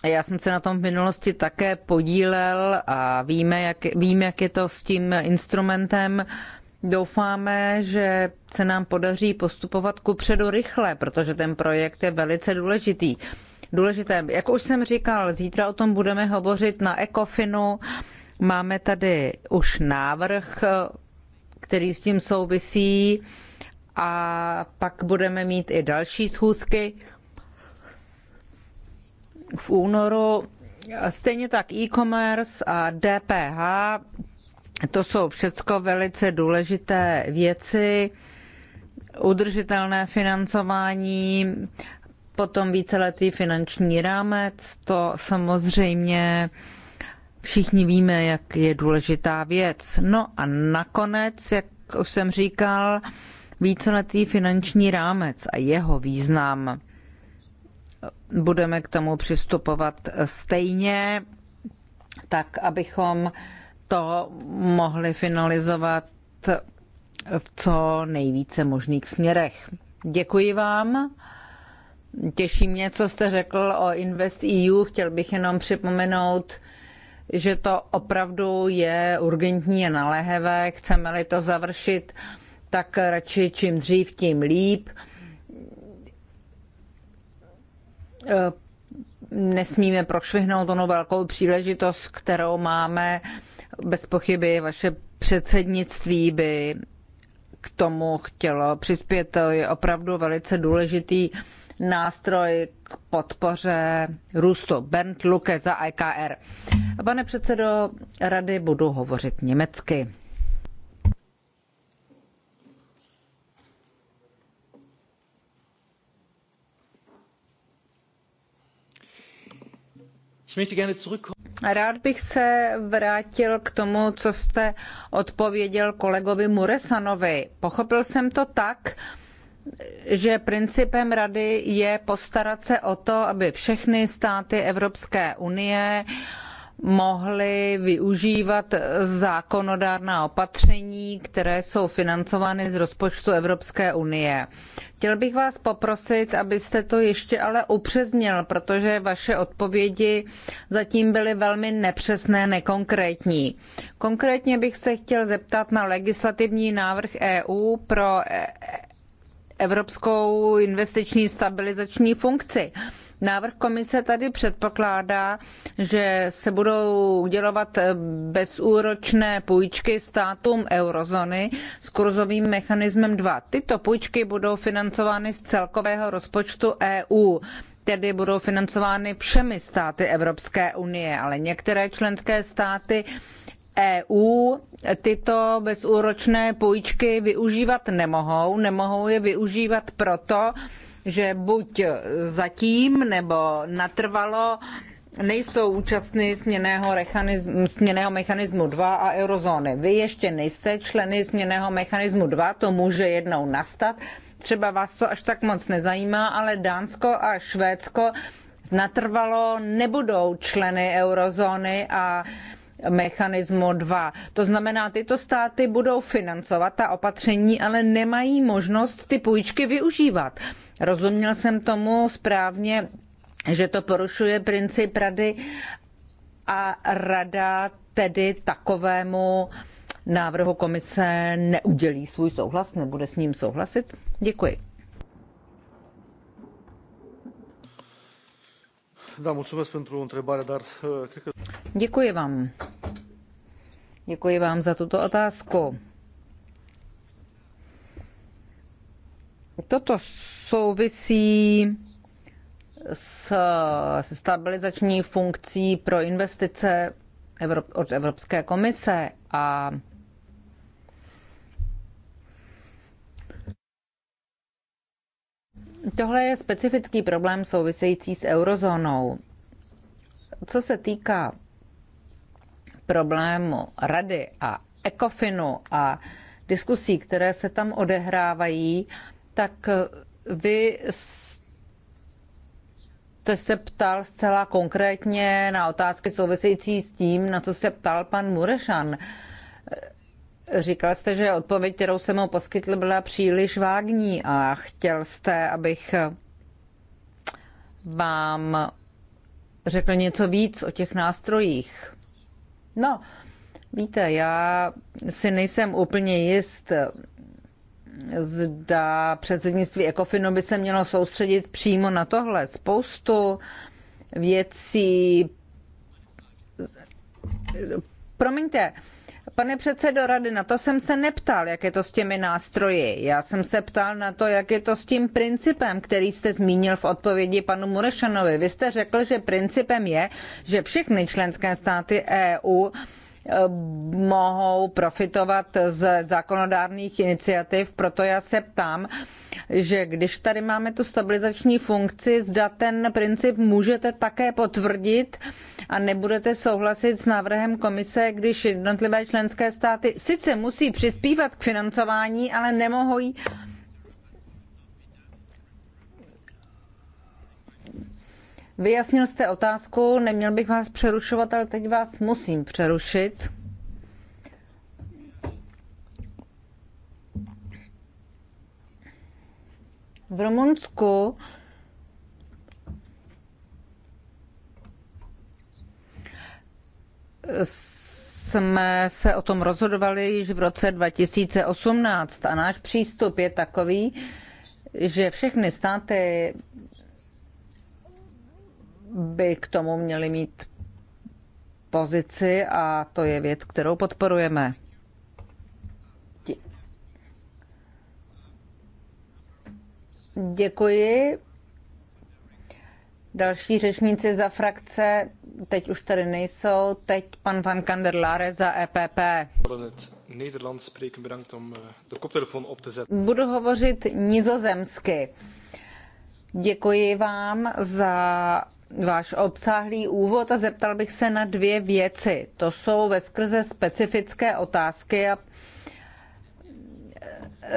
já jsem se na tom v minulosti také podílel a víme, jak, vím, jak je to s tím instrumentem. Doufáme, že se nám podaří postupovat kupředu rychle, protože ten projekt je velice důležitý. Důležité, jak už jsem říkal, zítra o tom budeme hovořit na Ecofinu. Máme tady už návrh, který s tím souvisí a pak budeme mít i další schůzky v únoru. Stejně tak e-commerce a DPH, to jsou všechno velice důležité věci. Udržitelné financování, potom víceletý finanční rámec, to samozřejmě všichni víme, jak je důležitá věc. No a nakonec, jak už jsem říkal, víceletý finanční rámec a jeho význam budeme k tomu přistupovat stejně, tak abychom to mohli finalizovat v co nejvíce možných směrech. Děkuji vám. Těší mě, co jste řekl o Invest EU. Chtěl bych jenom připomenout, že to opravdu je urgentní a naléhavé. Chceme-li to završit, tak radši čím dřív, tím líp. Eh, nesmíme prošvihnout onu velkou příležitost, kterou máme. Bez pochyby vaše předsednictví by k tomu chtělo přispět. To je opravdu velice důležitý nástroj k podpoře růstu. Bernd Luke za IKR. Pane předsedo rady, budu hovořit německy. Rád bych se vrátil k tomu, co jste odpověděl kolegovi Muresanovi. Pochopil jsem to tak, že principem rady je postarat se o to, aby všechny státy Evropské unie uh, mohli využívat zákonodárná opatření, které jsou financovány z rozpočtu Evropské unie. Chtěl bych vás poprosit, abyste to ještě ale upřesnil, protože vaše odpovědi zatím byly velmi nepřesné, nekonkrétní. Konkrétně bych se chtěl zeptat na legislativní návrh EU pro e- Evropskou investiční stabilizační funkci. Návrh komise tady předpokládá, že se budou udělovat bezúročné půjčky státům eurozóny s kurzovým mechanismem 2. Tyto půjčky budou financovány z celkového rozpočtu EU tedy budou financovány všemi státy Evropské unie, ale některé členské státy EU tyto bezúročné půjčky využívat nemohou. Nemohou je využívat proto, že buď zatím nebo natrvalo nejsou účastny směného, směného mechanismu 2 a eurozóny. Vy ještě nejste členy směného mechanismu 2, to může jednou nastat. Třeba vás to až tak moc nezajímá, ale Dánsko a Švédsko natrvalo nebudou členy eurozóny a mechanismu 2. To znamená, tyto státy budou financovat ta opatření, ale nemají možnost ty půjčky využívat. Rozuměl jsem tomu správně, že to porušuje princip rady a rada tedy takovému návrhu komise neudělí svůj souhlas, nebude s ním souhlasit? Děkuji. Eh, Děkuji vám. Děkuji vám za tuto otázku. Toto souvisí s stabilizační funkcí pro investice od Evropské komise a Tohle je specifický problém související s eurozónou. Co se týká problému rady a ekofinu a diskusí, které se tam odehrávají, tak vy jste se ptal zcela konkrétně na otázky související s tím, na co se ptal pan Murešan. Uh, Říkal jste, že odpověď, kterou jsem mu poskytl, byla příliš vágní a chtěl jste, abych vám řekl něco víc o těch nástrojích. No, víte, já si nejsem úplně jist, zda předsednictví Ekofinu by se mělo soustředit přímo na tohle. Spoustu věcí. Promiňte, Pane předsedo rady, na to jsem se neptal, jak je to s těmi nástroji. Já jsem se ptal na to, jak je to s tím principem, který jste zmínil v odpovědi panu Murešanovi. Vy jste řekl, že principem je, že všechny členské státy EU eh, mohou profitovat z zákonodárných iniciativ, proto já se ptám, že když tady máme tu stabilizační funkci, zda ten princip můžete také potvrdit a nebudete souhlasit s návrhem komise, když jednotlivé členské státy sice musí přispívat k financování, ale nemohou jí Vyjasnil jste otázku, neměl bych vás přerušovat, ale teď vás musím přerušit. v Rumunsku jsme se o tom rozhodovali již v roce 2018 a náš přístup je takový, že všechny státy by k tomu měly mít pozici a to je věc, kterou podporujeme. Děkuji. Další řečníci za frakce, teď už tady nejsou, teď pan Van Kanderlare za EPP. Eh, Budu hovořit nizozemsky. Děkuji vám za váš obsáhlý úvod a zeptal bych se na dvě věci. To jsou ve skrze specifické otázky a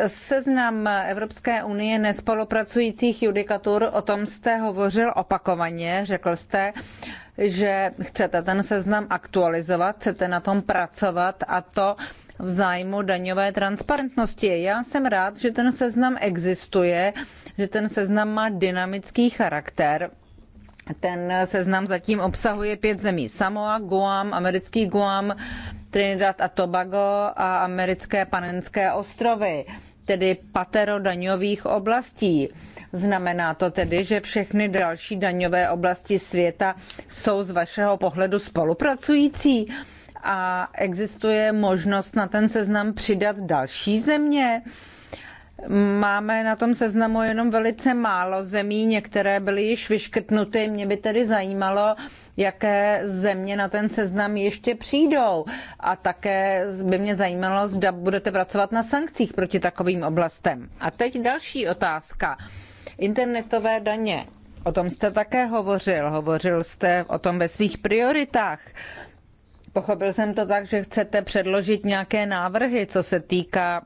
Seznam Evropské unie nespolupracujících judikatur, o tom jste hovořil opakovaně, řekl jste, že chcete ten seznam aktualizovat, chcete na tom pracovat a to v zájmu daňové transparentnosti. Já jsem rád, že ten seznam existuje, že ten seznam má dynamický charakter. Ten seznam zatím obsahuje pět zemí. Samoa, Guam, americký Guam, Trinidad a Tobago a americké panenské ostrovy, tedy patero daňových oblastí. Znamená to tedy, že všechny další daňové oblasti světa jsou z vašeho pohledu spolupracující a existuje možnost na ten seznam přidat další země? Máme na tom seznamu jenom velice málo zemí, některé byly již vyškrtnuty. Mě by tedy zajímalo, jaké země na ten seznam ještě přijdou. A také by mě zajímalo, zda budete pracovat na sankcích proti takovým oblastem. A teď další otázka. Internetové daně. O tom jste také hovořil. Hovořil jste o tom ve svých prioritách. Pochopil jsem to tak, že chcete předložit nějaké návrhy, co se týká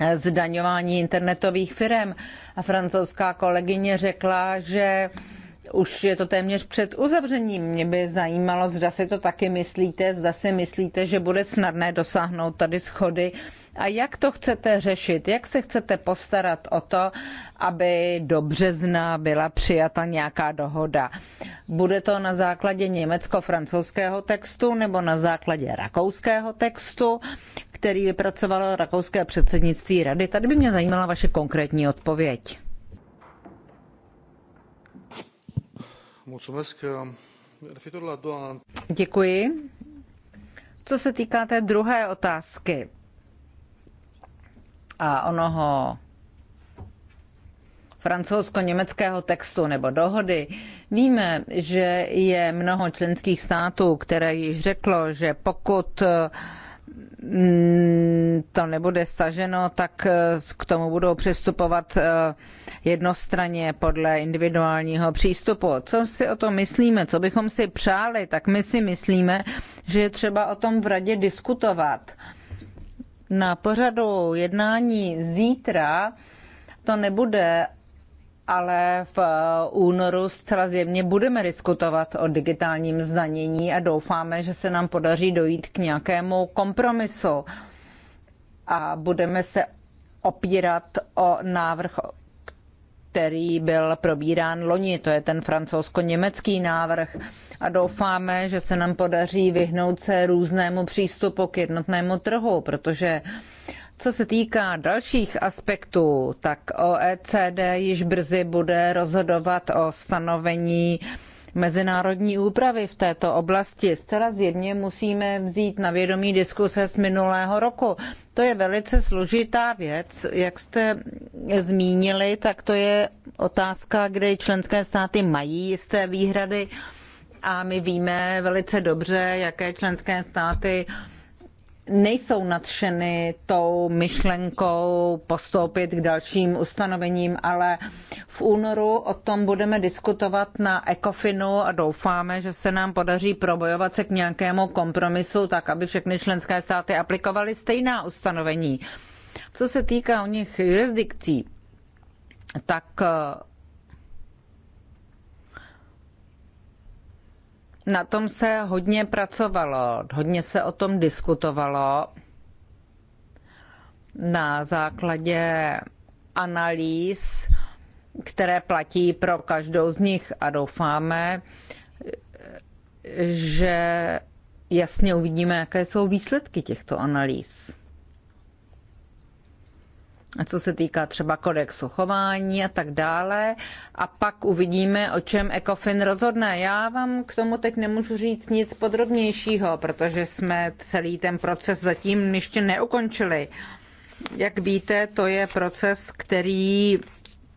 eh, zdaňování internetových firm. A francouzská kolegyně řekla, že už je to téměř před uzavřením. Mě by zajímalo, zda si to taky myslíte, zda si myslíte, že bude snadné dosáhnout tady schody a jak to chcete řešit, jak se chcete postarat o to, aby do března byla přijata nějaká dohoda. Bude to na základě německo-francouzského textu nebo na základě rakouského textu, který vypracovalo rakouské předsednictví rady. Tady by mě zajímala vaše konkrétní odpověď. Děkuji. Co se týká té druhé otázky a onoho francouzsko-německého textu nebo dohody, víme, že je mnoho členských států, které již řeklo, že pokud uh, Mm, to nebude staženo, tak eh, k tomu budou přistupovat eh, jednostranně podle individuálního přístupu. Co si o tom myslíme, co bychom si přáli, tak my si myslíme, že je třeba o tom v radě diskutovat. Na pořadu jednání zítra to nebude ale v eh, únoru zcela zjevně budeme diskutovat o digitálním zdanění a doufáme, že se nám podaří dojít k nějakému kompromisu a budeme se opírat o návrh, který byl probírán loni, to je ten francouzsko-německý návrh. A doufáme, že se nám podaří vyhnout se různému přístupu k jednotnému trhu, protože uh, co se týká dalších aspektů, tak OECD již brzy bude rozhodovat o stanovení mezinárodní úpravy v této oblasti. Zcela zjevně musíme vzít na vědomí diskuse z minulého roku. To je velice složitá věc. Jak jste zmínili, tak to je otázka, kde členské státy mají jisté výhrady a my víme velice dobře, jaké členské státy nejsou nadšeny tou myšlenkou postoupit k dalším ustanovením, ale v únoru o tom budeme diskutovat na ECOFINu a doufáme, že se nám podaří probojovat se k nějakému kompromisu, tak aby všechny členské státy aplikovaly stejná ustanovení. Co se týká o nich jurisdikcí, tak na tom se hodně pracovalo, hodně se o tom diskutovalo na základě analýz, které platí pro každou z nich a doufáme, že jasně uvidíme, jaké jsou výsledky těchto analýz co se týká třeba kodexu chování a tak dále. A pak uvidíme, o čem ECOFIN rozhodne. Já vám k tomu teď nemůžu říct nic podrobnějšího, protože jsme celý ten proces zatím ještě neukončili. Jak víte, to je proces, který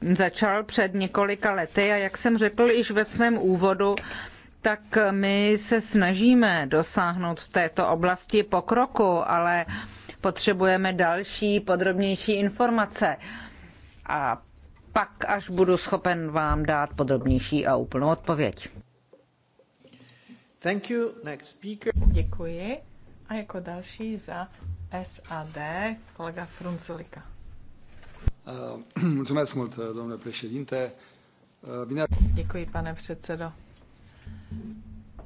začal před několika lety a jak jsem řekl již ve svém úvodu, tak my se snažíme dosáhnout v této oblasti pokroku, ale potřebujeme další podrobnější informace. A pak, až budu schopen vám dát podrobnější a úplnou odpověď. Thank you. Next speaker. Děkuji. A jako další za SAD kolega Frunzulika. Eh, <clears throat> mulțumesc mult, eh, domnule președinte. Eh, bine... Děkuji, pane předsedo.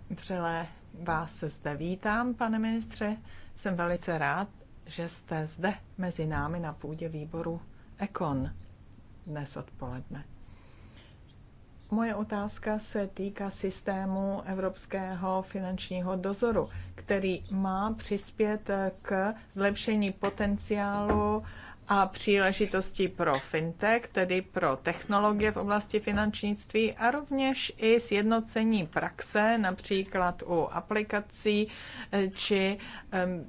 Vřele vás zde vítám, pane ministře. Jsem velice rád, že jste zde mezi námi na půdě výboru Ekon dnes odpoledne. Moje otázka se týká systému evropského finančního dozoru, který má přispět k zlepšení potenciálu a příležitosti pro fintech, tedy pro technologie v oblasti finančnictví a rovněž i sjednocení praxe, například u aplikací eh, či um,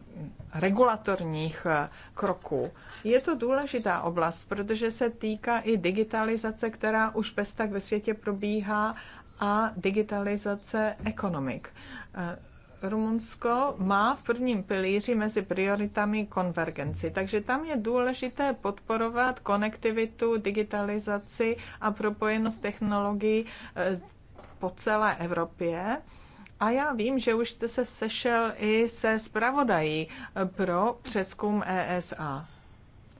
regulatorních eh, kroků. Je to důležitá oblast, protože se týká i digitalizace, která už bez tak ve světě probíhá a digitalizace ekonomik eh, Rumunsko má v prvním pilíři mezi prioritami konvergenci, takže tam je důležité podporovat konektivitu, digitalizaci a propojenost technologií eh, po celé Evropě. A já vím, že už jste se sešel i se zpravodají eh, pro přeskum ESA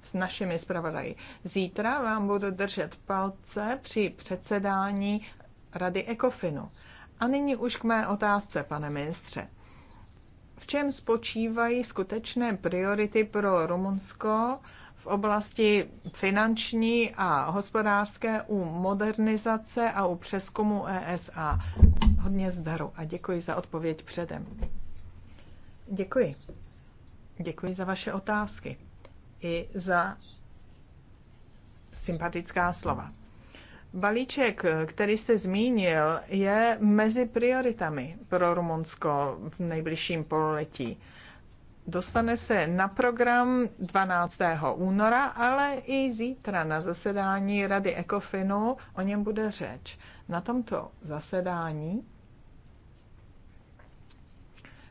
s našimi zpravodají. Zítra vám budu držet palce při předsedání Rady Ekofinu. A nyní už k mé otázce, pane ministře. V čem spočívají skutečné priority pro Rumunsko v oblasti finanční a hospodářské u modernizace a u přeskumu ESA? Hodně zdaru a děkuji za odpověď předem. Děkuji. Děkuji za vaše otázky i za sympatická slova. Balíček, který jste zmínil, je mezi prioritami pro Rumunsko v nejbližším pololetí. Dostane se na program 12. února, ale i zítra na zasedání Rady Ekofinu o něm bude řeč. Na tomto zasedání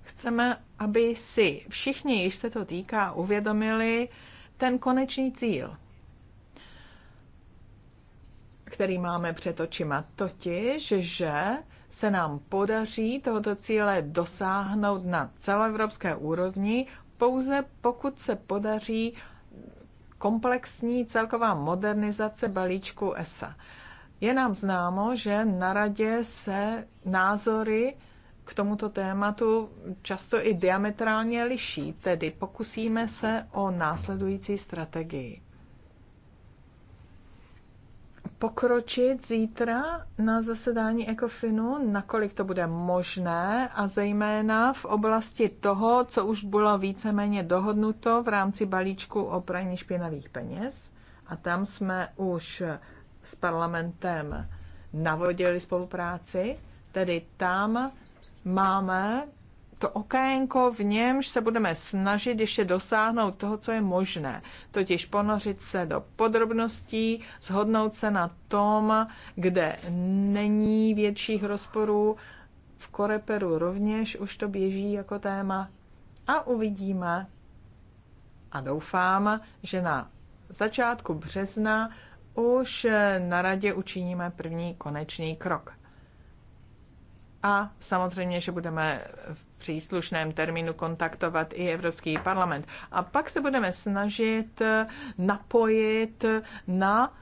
chceme, aby si všichni, již se to týká, uvědomili ten konečný cíl – který máme před očima, totiž, že se nám podaří tohoto cíle dosáhnout na celoevropské úrovni, pouze pokud se podaří komplexní celková modernizace balíčku ESA. Je nám známo, že na radě se názory k tomuto tématu často i diametrálně liší, tedy pokusíme se o následující strategii pokročit zítra na zasedání ECOFINu, nakolik to bude možné a zejména v oblasti toho, co už bylo víceméně dohodnuto v rámci balíčku o praní špinavých peněz. A tam jsme už s parlamentem navodili spolupráci, tedy tam máme to okénko, v němž se budeme snažit ještě dosáhnout toho, co je možné, totiž ponořit se do podrobností, zhodnout se na tom, kde není větších rozporů, v Koreperu rovněž už to běží jako téma a uvidíme a doufám, že na začátku března už na radě učiníme první konečný krok. A samozřejmě, že budeme v příslušném termínu kontaktovat i Evropský parlament. A pak se budeme snažit eh, napojit na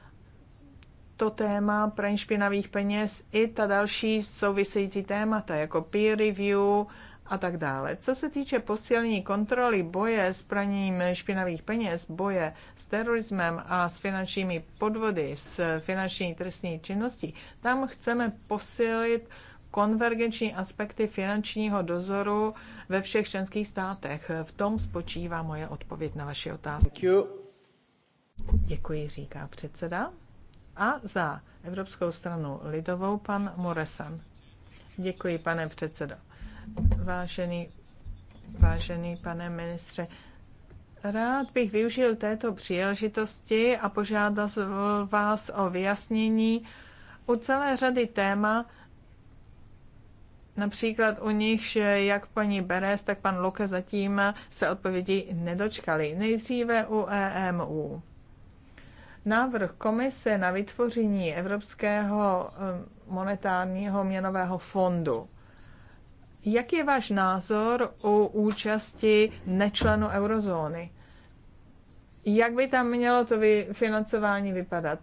to téma praň špinavých peněz i ta další související témata, jako peer review a tak dále. Co se týče posílení kontroly boje s praním špinavých peněz, boje s terorismem a s finančními podvody, s finanční trestní činností, tam chceme posílit uh, konvergenční aspekty finančního dozoru ve všech členských státech. V tom spočívá moje odpověď na vaši otázku. Děkuji, říká předseda. A za Evropskou stranu lidovou pan Moresan. Děkuji, pane předsedo. Vážený, vážený pane ministře, Rád bych využil této příležitosti a požádal vás o vyjasnění u celé řady téma, Například u nich, jak paní Beres, tak pan Luke zatím se odpovědi nedočkali. Nejdříve u EMU. Návrh komise na vytvoření Evropského um, monetárního měnového fondu. Jak je váš názor o účasti nečlenu eurozóny? Jak by tam mělo to financování vypadat?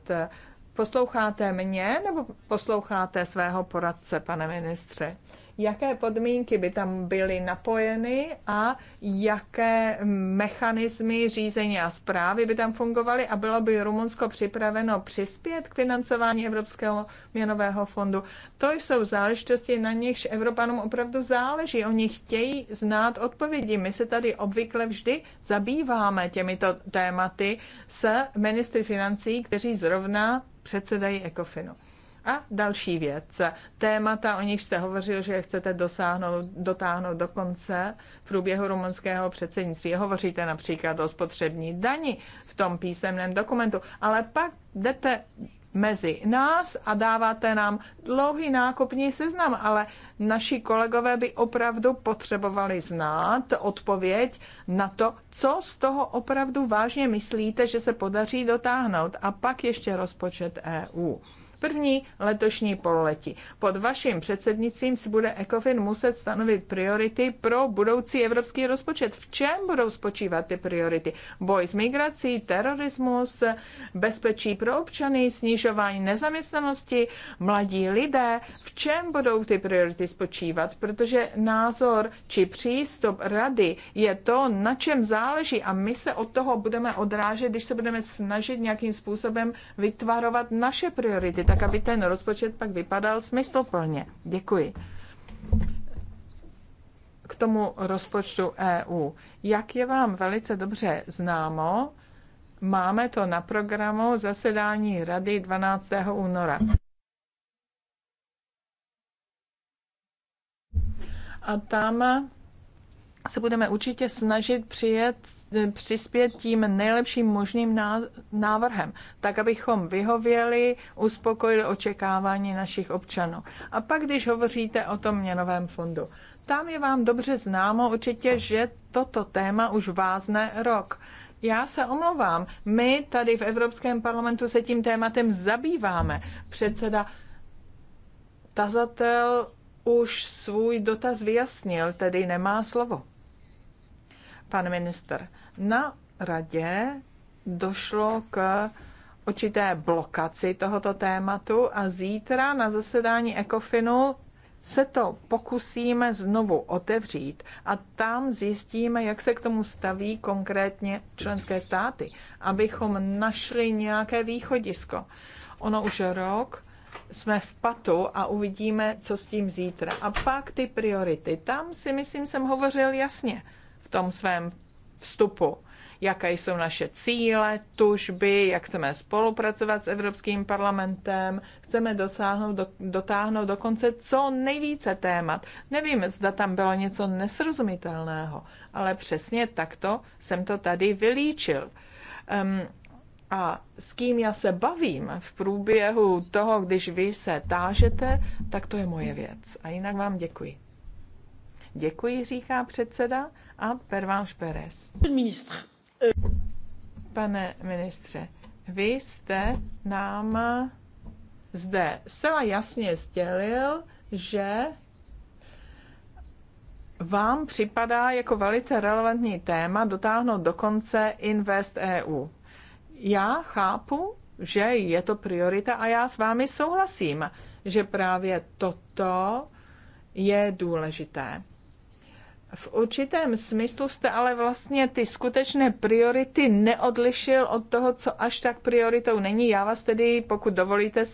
Posloucháte mě nebo posloucháte svého poradce, pane ministře? jaké podmínky by tam byly napojeny a jaké mechanismy řízení a zprávy by tam fungovaly a bylo by Rumunsko připraveno přispět k financování Evropského měnového fondu. To jsou záležitosti, na nichž Evropanům opravdu záleží. Oni chtějí znát odpovědi. My se tady obvykle vždy zabýváme těmito tématy s ministry financí, kteří zrovna předsedají ECOFINu. A další věc, témata, o nich jste hovořil, že je chcete dosáhnout, dotáhnout do konce v průběhu rumunského předsednictví. Hovoříte například o spotřební dani v tom písemném dokumentu, ale pak jdete mezi nás a dáváte nám dlouhý nákopní seznam, ale naši kolegové by opravdu potřebovali znát odpověď na to, co z toho opravdu vážně myslíte, že se podaří dotáhnout. A pak ještě rozpočet EU. První letošní pololetí. Pod vaším předsednictvím si bude ECOFIN muset stanovit priority pro budoucí evropský rozpočet. V čem budou spočívat ty priority? Boj s migrací, terorismus, bezpečí pro občany, snižování nezaměstnanosti, mladí lidé. V čem budou ty priority spočívat? Protože názor či přístup rady je to, na čem záleží a my se od toho budeme odrážet, když se budeme snažit nějakým způsobem vytvarovat naše priority tak aby ten rozpočet pak vypadal smysluplně. Děkuji. K tomu rozpočtu EU. Jak je vám velice dobře známo, máme to na programu zasedání Rady 12. února. A tam se budeme určitě snažit přijet přispět tím nejlepším možným návrhem, tak abychom vyhověli, uspokojili očekávání našich občanů. A pak, když hovoříte o tom měnovém fondu, tam je vám dobře známo určitě, že toto téma už vázne rok. Já se omlouvám, my tady v Evropském parlamentu se tím tématem zabýváme. Předseda tazatel už svůj dotaz vyjasnil, tedy nemá slovo pan minister. Na radě došlo k určité blokaci tohoto tématu a zítra na zasedání ECOFINu se to pokusíme znovu otevřít a tam zjistíme, jak se k tomu staví konkrétně členské státy, abychom našli nějaké východisko. Ono už rok jsme v patu a uvidíme, co s tím zítra. A pak ty priority. Tam si myslím, jsem hovořil jasně v tom svém vstupu jaké jsou naše cíle, tužby, jak chceme spolupracovat s Evropským parlamentem. Chceme dosáhnout, do, dotáhnout dokonce co nejvíce témat. Nevím, zda tam bylo něco nesrozumitelného, ale přesně takto jsem to tady vylíčil. Um, a s kým já se bavím v průběhu toho, když vy se tážete, tak to je moje věc. A jinak vám děkuji. Děkuji, říká předseda a Perváš Perez. Pane ministře, vy jste nám zde zcela jasně sdělil, že vám připadá jako velice relevantní téma dotáhnout do konce Invest EU. Já chápu, že je to priorita a já s vámi souhlasím, že právě toto je důležité. V určitém smyslu jste ale vlastně ty skutečné priority neodlišil od toho, co až tak prioritou není. Já vás tedy, pokud dovolíte,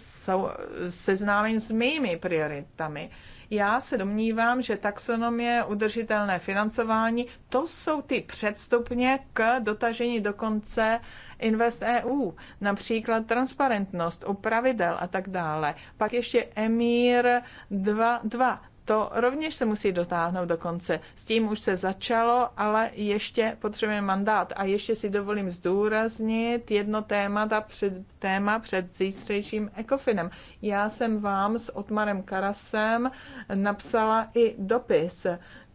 seznámím s mými prioritami. Já se domnívám, že taxonomie, udržitelné financování, to jsou ty předstupně k dotažení do konce Invest EU, například transparentnost, upravidel a tak dále. Pak ještě Emir 2, to rovněž se musí dotáhnout do konce. S tím už se začalo, ale ještě potřebujeme mandát. A ještě si dovolím zdůraznit jedno téma, ta před, téma před zítřejším ECOFINem. Já jsem vám s Otmarem Karasem napsala i dopis,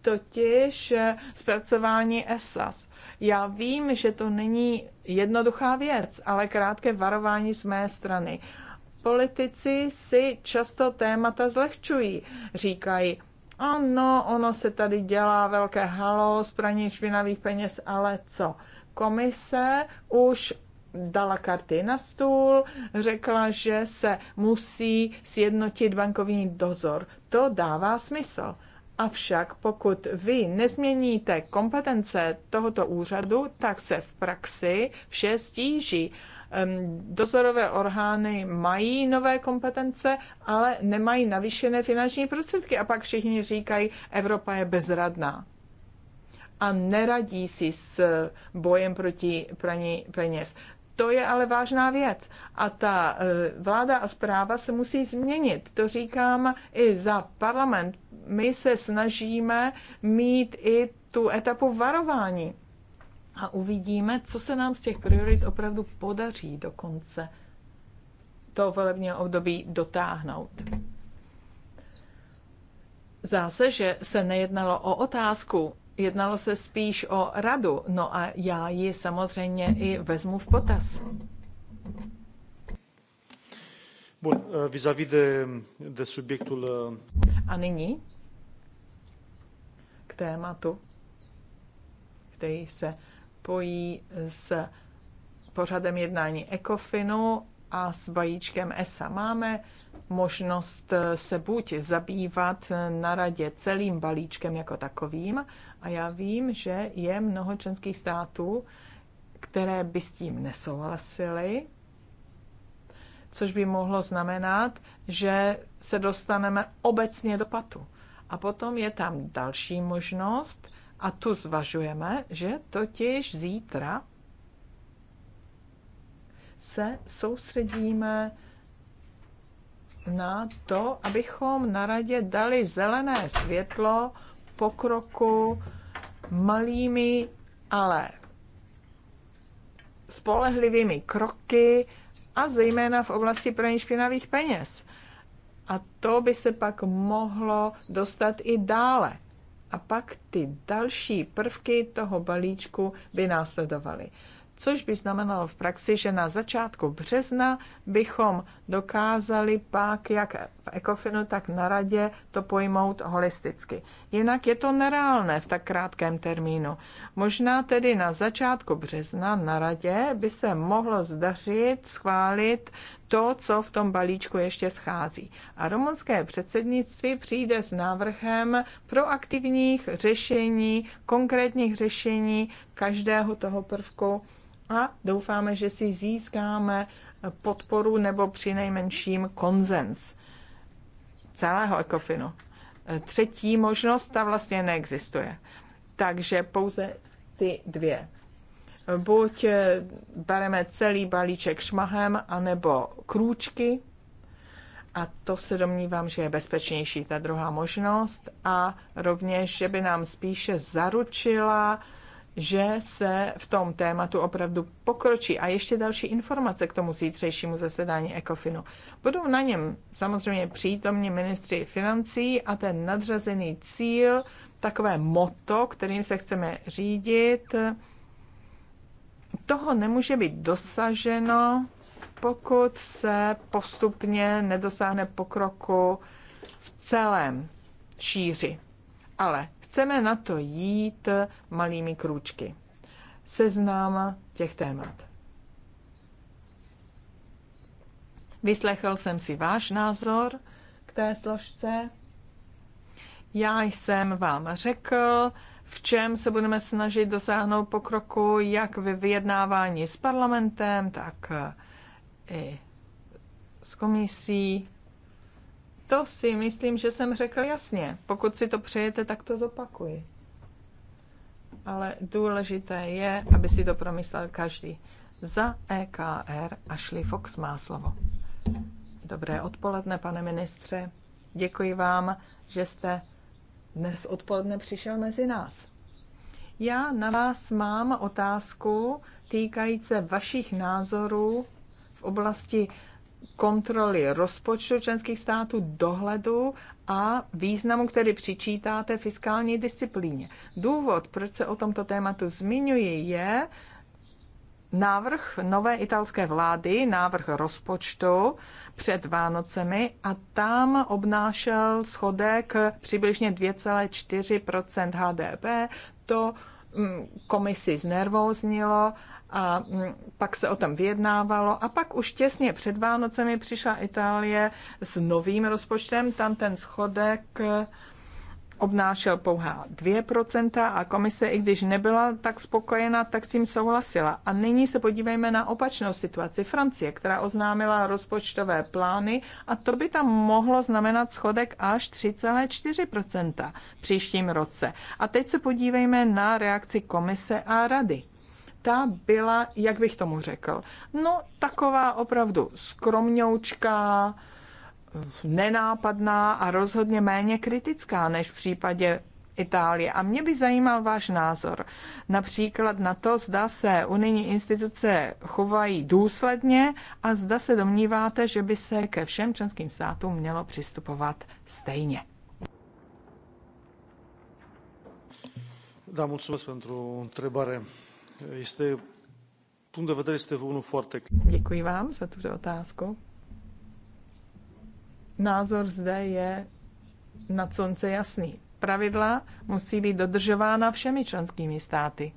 totiž eh, zpracování ESAS. Já vím, že to není jednoduchá věc, ale krátké varování z mé strany. Politici si často témata zlehčují. Říkají, ano, ono se tady dělá velké halo z praní špinavých peněz, ale co? Komise už dala karty na stůl, řekla, že se musí sjednotit bankovní dozor. To dává smysl. Avšak pokud vy nezměníte kompetence tohoto úřadu, tak se v praxi vše stíží dozorové orgány mají nové kompetence, ale nemají navýšené finanční prostředky. A pak všichni říkají, Evropa je bezradná a neradí si s bojem proti praní peněz. To je ale vážná věc. A ta e, vláda a zpráva se musí změnit. To říkám i za parlament. My se snažíme mít i tu etapu varování a uvidíme, co se nám z těch priorit opravdu podaří do konce toho volebního období dotáhnout. Zdá se, že se nejednalo o otázku, jednalo se spíš o radu, no a já ji samozřejmě i vezmu v potaz. Bun, uh, vis-a-vis de, de subiectul... Uh, a nyní k tématu, který se pojí s pořadem jednání ECOFINu a s bajíčkem ESA. Máme možnost se buď zabývat na radě celým balíčkem jako takovým, a já vím, že je mnoho členských států, které by s tím nesouhlasily, což by mohlo znamenat, že se dostaneme obecně do patu. A potom je tam další možnost, a tu zvažujeme, že totiž zítra se soustředíme na to, abychom na radě dali zelené světlo pokroku malými, ale spolehlivými kroky a zejména v oblasti praní špinavých peněz. A to by se pak mohlo dostat i dále a pak ty další prvky toho balíčku by následovaly. Což by znamenalo v praxi, že na začátku března bychom dokázali pak jak v ECOFINu, tak na radě to pojmout holisticky. Jinak je to nereálné v tak krátkém termínu. Možná tedy na začátku března na radě by se mohlo zdařit schválit to, co v tom balíčku ještě schází. A rumunské předsednictví přijde s návrhem proaktivních řešení, konkrétních řešení každého toho prvku a doufáme, že si získáme podporu nebo přinejmenším konzens celého ekofinu. Třetí možnost ta vlastně neexistuje. Takže pouze ty dvě Buď eh, bereme celý balíček šmahem, anebo krůčky, a to se domnívám, že je bezpečnější ta druhá možnost a rovněž, že by nám spíše zaručila, že se v tom tématu opravdu pokročí. A ještě další informace k tomu zítřejšímu zasedání ECOFINu. Budou na něm samozřejmě přítomní ministři financí a ten nadřazený cíl, takové moto, kterým se chceme řídit, toho nemůže být dosaženo, pokud se postupně nedosáhne pokroku v celém šíři. Ale chceme na to jít malými krůčky. Seznám těch témat. Vyslechl jsem si váš názor k té složce. Já jsem vám řekl, v čem se budeme snažit dosáhnout pokroku, jak ve vyjednávání s parlamentem, tak eh, i s komisí. To si myslím, že jsem řekl jasně. Pokud si to přejete, tak to zopakuji. Ale důležité je, aby si to promyslel každý. Za EKR a šli Fox má slovo. Dobré odpoledne, pane ministře. Děkuji vám, že jste dnes odpoledne přišel mezi nás. Já na vás mám otázku týkající se vašich názorů v oblasti kontroly rozpočtu členských států, dohledu a významu, který přičítáte fiskální disciplíně. Důvod, proč se o tomto tématu zmiňuji, je, návrh nové italské vlády, návrh rozpočtu před Vánocemi a tam obnášel schodek přibližně 2,4 HDP. To mm, komisi znervóznilo a mm, pak se o tom vyjednávalo a pak už těsně před Vánocemi přišla Itálie s novým rozpočtem, tam ten schodek obnášel pouhá 2% a komise, i když nebyla tak spokojená, tak s tím souhlasila. A nyní se podívejme na opačnou situaci Francie, která oznámila rozpočtové plány a to by tam mohlo znamenat schodek až 3,4% příštím roce. A teď se podívejme na reakci komise a rady ta byla, jak bych tomu řekl, no taková opravdu skromňoučká, nenápadná a rozhodně méně kritická než v případě Itálie. A mě by zajímal váš názor například na to, zda se unijní instituce chovají důsledně a zda se domníváte, že by se ke všem členským státům mělo přistupovat stejně. Da, mulțumesc pentru întrebare. Este, punct de vedere este unul foarte... Děkuji vám za tuto otázku názor zde je na slunce jasný. Pravidla musí být dodržována všemi členskými státy.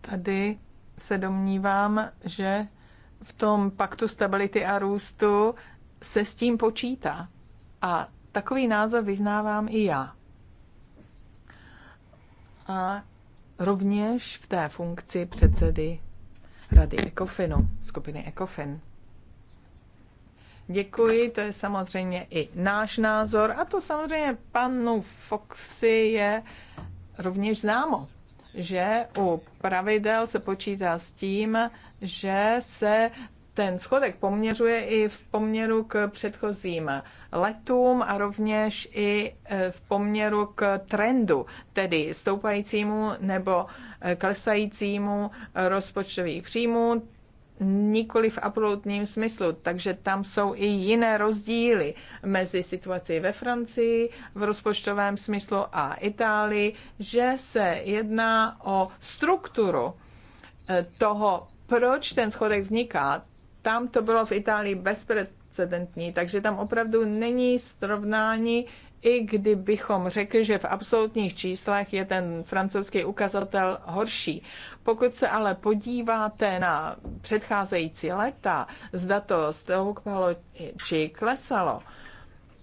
Tady se domnívám, že v tom paktu stability a růstu se s tím počítá. A takový názor vyznávám i já. A rovněž v té funkci předsedy Rady Ekofinu, skupiny Ekofin. Děkuji, to je samozřejmě i náš názor a to samozřejmě panu Foxy je rovněž známo, že u pravidel se počítá s tím, že se ten schodek poměřuje i v poměru k předchozím letům a rovněž i eh, v poměru k trendu, tedy stoupajícímu nebo klesajícímu rozpočtových příjmů, nikoli v absolutním smyslu. Takže tam jsou i jiné rozdíly mezi situací ve Francii v rozpočtovém smyslu a Itálii, že se jedná o strukturu eh, toho, proč ten schodek vzniká. Tam to bylo v Itálii bezprecedentní, takže tam opravdu není srovnání i kdybychom řekli, že v absolutních číslech je ten francouzský ukazatel horší. Pokud se ale podíváte na předcházející leta, zda to stoupalo či klesalo,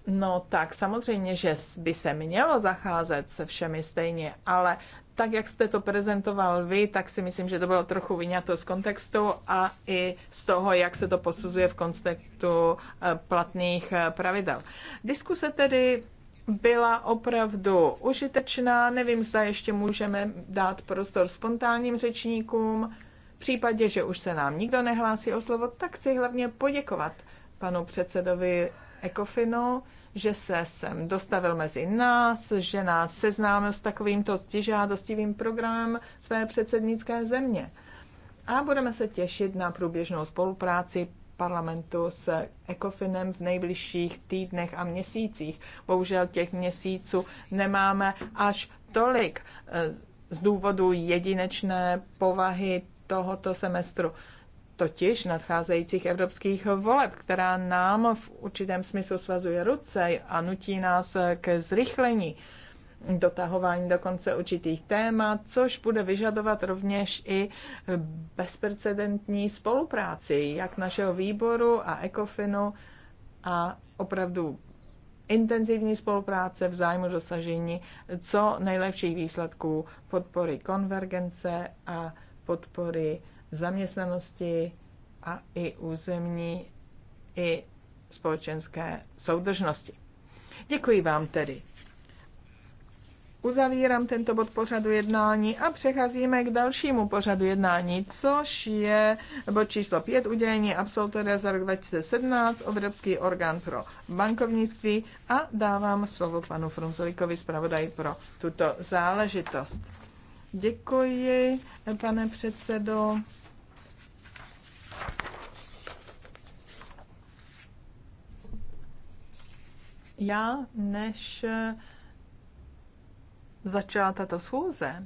no tak samozřejmě, že by se mělo zacházet se všemi stejně, ale tak, jak jste to prezentoval vy, tak si myslím, že to bylo trochu vyňato z kontextu a i z toho, jak se to posuzuje v kontextu eh, platných eh, pravidel. Diskuse tedy byla opravdu užitečná. Nevím, zda ještě můžeme dát prostor spontánním řečníkům. V případě, že už se nám nikdo nehlásí o slovo, tak chci hlavně poděkovat panu předsedovi Ekofinu, že se sem dostavil mezi nás, že nás seznámil s takovýmto stižádostivým programem své předsednické země. A budeme se těšit na průběžnou spolupráci parlamentu s ECOFINem v nejbližších týdnech a měsících. Bohužel těch měsíců nemáme až tolik eh, z důvodu jedinečné povahy tohoto semestru totiž nadcházejících evropských voleb, která nám v určitém smyslu svazuje ruce a nutí nás k zrychlení dotahování do konce určitých témat, což bude vyžadovat rovněž i bezprecedentní spolupráci jak našeho výboru a ECOFINu a opravdu intenzivní spolupráce v zájmu dosažení co nejlepších výsledků podpory konvergence a podpory zaměstnanosti a i územní, i společenské soudržnosti. Děkuji vám tedy Uzavírám tento bod pořadu jednání a přecházíme k dalšímu pořadu jednání, což je bod číslo 5 udělení absolutoria za rok 2017 Evropský orgán pro bankovnictví a dávám slovo panu Frunzolikovi, zpravodaj pro tuto záležitost. Děkuji, pane předsedo. Já než začala tato schůze,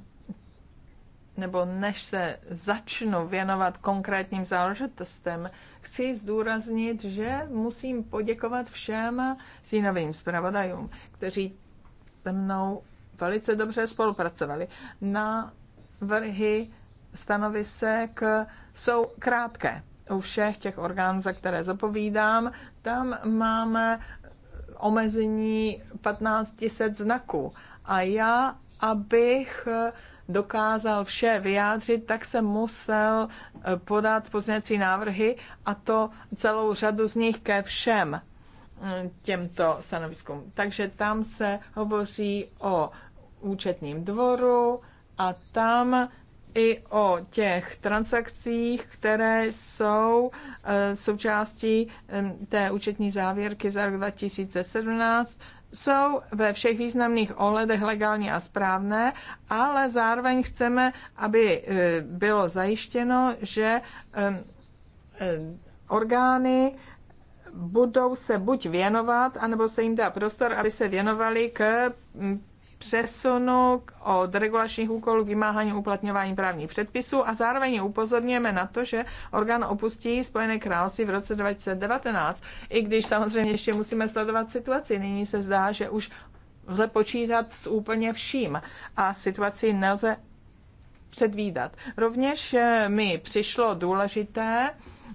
nebo než se začnu věnovat konkrétním záležitostem, chci zdůraznit, že musím poděkovat všem sínovým zpravodajům, kteří se mnou velice dobře spolupracovali. Na vrhy stanovisek jsou krátké. U všech těch orgánů, za které zapovídám, tam máme omezení 15 000 znaků a já, abych eh, dokázal vše vyjádřit, tak jsem musel eh, podat pozněcí návrhy a to celou řadu z nich ke všem mm, těmto stanoviskům. Takže tam se hovoří o účetním dvoru a tam i o těch transakcích, které jsou eh, součástí mm, té účetní závěrky za rok 2017 jsou ve všech významných ohledech legální a správné, ale zároveň chceme, aby e, bylo zajištěno, že e, e, orgány budou se buď věnovat, anebo se jim dá prostor, aby se věnovali k přesunu od regulačních úkolů k vymáhání uplatňování právních předpisů a zároveň upozorňujeme na to, že orgán opustí Spojené království v roce 2019, i když samozřejmě ještě musíme sledovat situaci. Nyní se zdá, že už lze počítat s úplně vším a situaci nelze předvídat. Rovněž eh, mi přišlo důležité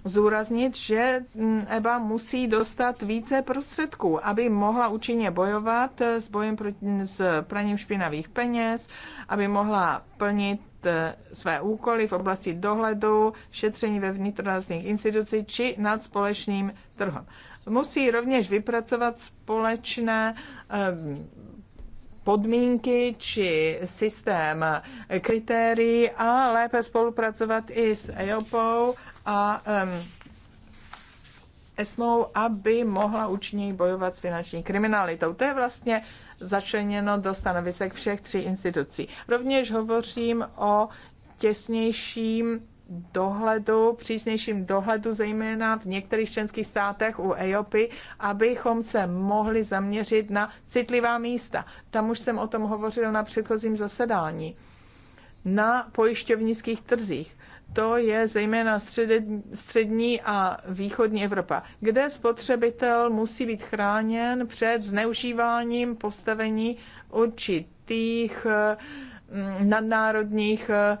zúraznit, že mm, EBA musí dostat více prostředků, aby mohla účinně bojovat eh, s bojem proti, mm, s praním špinavých peněz, aby mohla plnit eh, své úkoly v oblasti dohledu, šetření ve vnitrozných institucí či nad společným trhem. Musí rovněž vypracovat společné eh, podmínky či systém kritérií a lépe spolupracovat i s EOPou a um, ESMou, aby mohla účinněji bojovat s finanční kriminalitou. To je vlastně začleněno do stanovisek všech tří institucí. Rovněž hovořím o těsnějším dohledu, přísnějším dohledu, zejména v některých členských státech u EOPy, abychom se mohli zaměřit na citlivá místa. Tam už jsem o tom hovořil na předchozím zasedání. Na pojišťovnických trzích to je zejména střední a východní Evropa, kde spotřebitel musí být chráněn před zneužíváním postavení určitých mm, nadnárodních eh,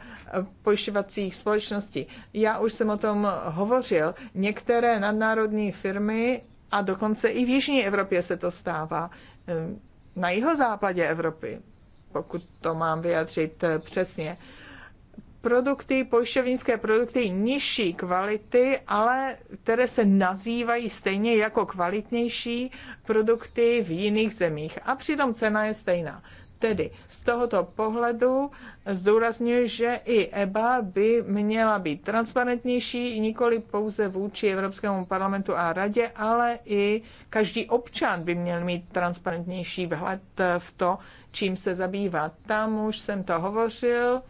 pojišťovacích společností. Já už jsem o tom hovořil. Některé nadnárodní firmy a dokonce i v Jižní Evropě se to stává. Eh, na jihozápadě Evropy, pokud to mám vyjadřit eh, přesně, produkty, pojišťovnické produkty nižší kvality, ale které se nazývají stejně jako kvalitnější produkty v jiných zemích. A přitom cena je stejná. Tedy z tohoto pohledu zdůrazňuji, že i EBA by měla být transparentnější nikoli pouze vůči Evropskému parlamentu a radě, ale i každý občan by měl mít transparentnější vhled v to, čím se zabývá. Tam už jsem to hovořil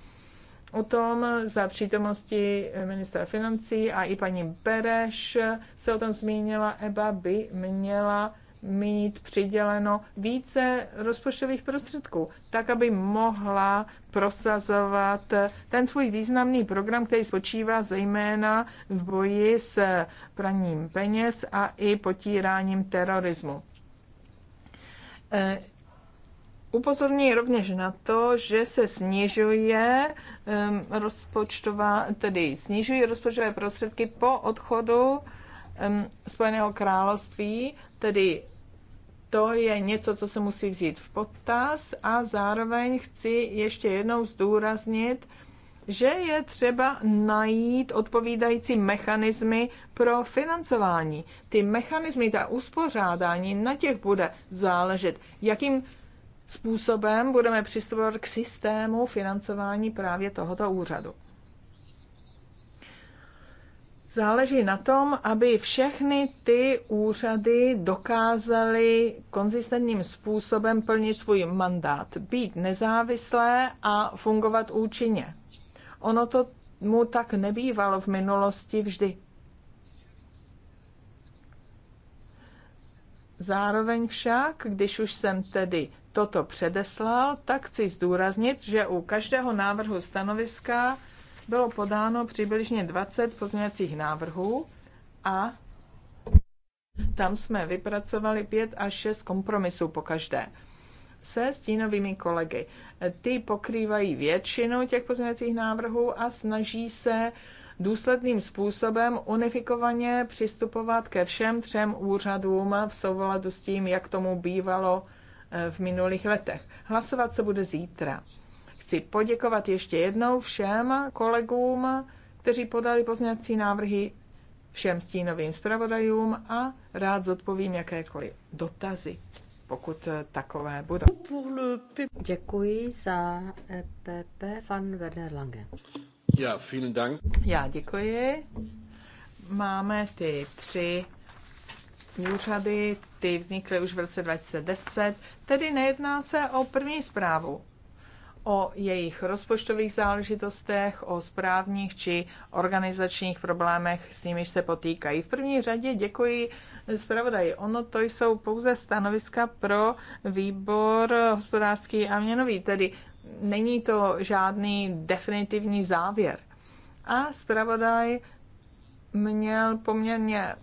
O tom za přítomnosti ministra financí a i paní Bereš se o tom zmínila, EBA by měla mít přiděleno více rozpočtových prostředků, tak aby mohla prosazovat ten svůj významný program, který spočívá zejména v boji s praním peněz a i potíráním terorismu. Upozorňuji rovněž na to, že se snižuje um, rozpočtová, tedy snižují rozpočtové prostředky po odchodu um, Spojeného království, tedy to je něco, co se musí vzít v potaz a zároveň chci ještě jednou zdůraznit, že je třeba najít odpovídající mechanismy pro financování. Ty mechanismy, ta uspořádání, na těch bude záležet, jakým způsobem budeme přistupovat k systému financování právě tohoto úřadu. Záleží na tom, aby všechny ty úřady dokázaly konzistentním způsobem plnit svůj mandát, být nezávislé a fungovat účinně. Ono to mu tak nebývalo v minulosti vždy. Zároveň však, když už jsem tedy toto předeslal, tak chci zdůraznit, že u každého návrhu stanoviska bylo podáno přibližně 20 pozměňovacích návrhů a tam jsme vypracovali 5 až 6 kompromisů po každé se stínovými kolegy. Ty pokrývají většinu těch pozměňovacích návrhů a snaží se důsledným způsobem unifikovaně přistupovat ke všem třem úřadům v souladu s tím, jak tomu bývalo v minulých letech. Hlasovat se bude zítra. Chci poděkovat ještě jednou všem kolegům, kteří podali pozněcí návrhy, všem stínovým zpravodajům a rád zodpovím jakékoliv dotazy, pokud takové budou. Děkuji za EPP, van Werner Lange. Já vielen Dank. Já děkuji. Máme ty tři státní úřady, ty vznikly už v roce 2010, tedy nejedná se o první zprávu o jejich rozpočtových záležitostech, o správních či organizačních problémech, s nimiž se potýkají. V první řadě děkuji zpravodaji. Ono to jsou pouze stanoviska pro výbor hospodářský a měnový, tedy není to žádný definitivní závěr. A zpravodaj měl poměrně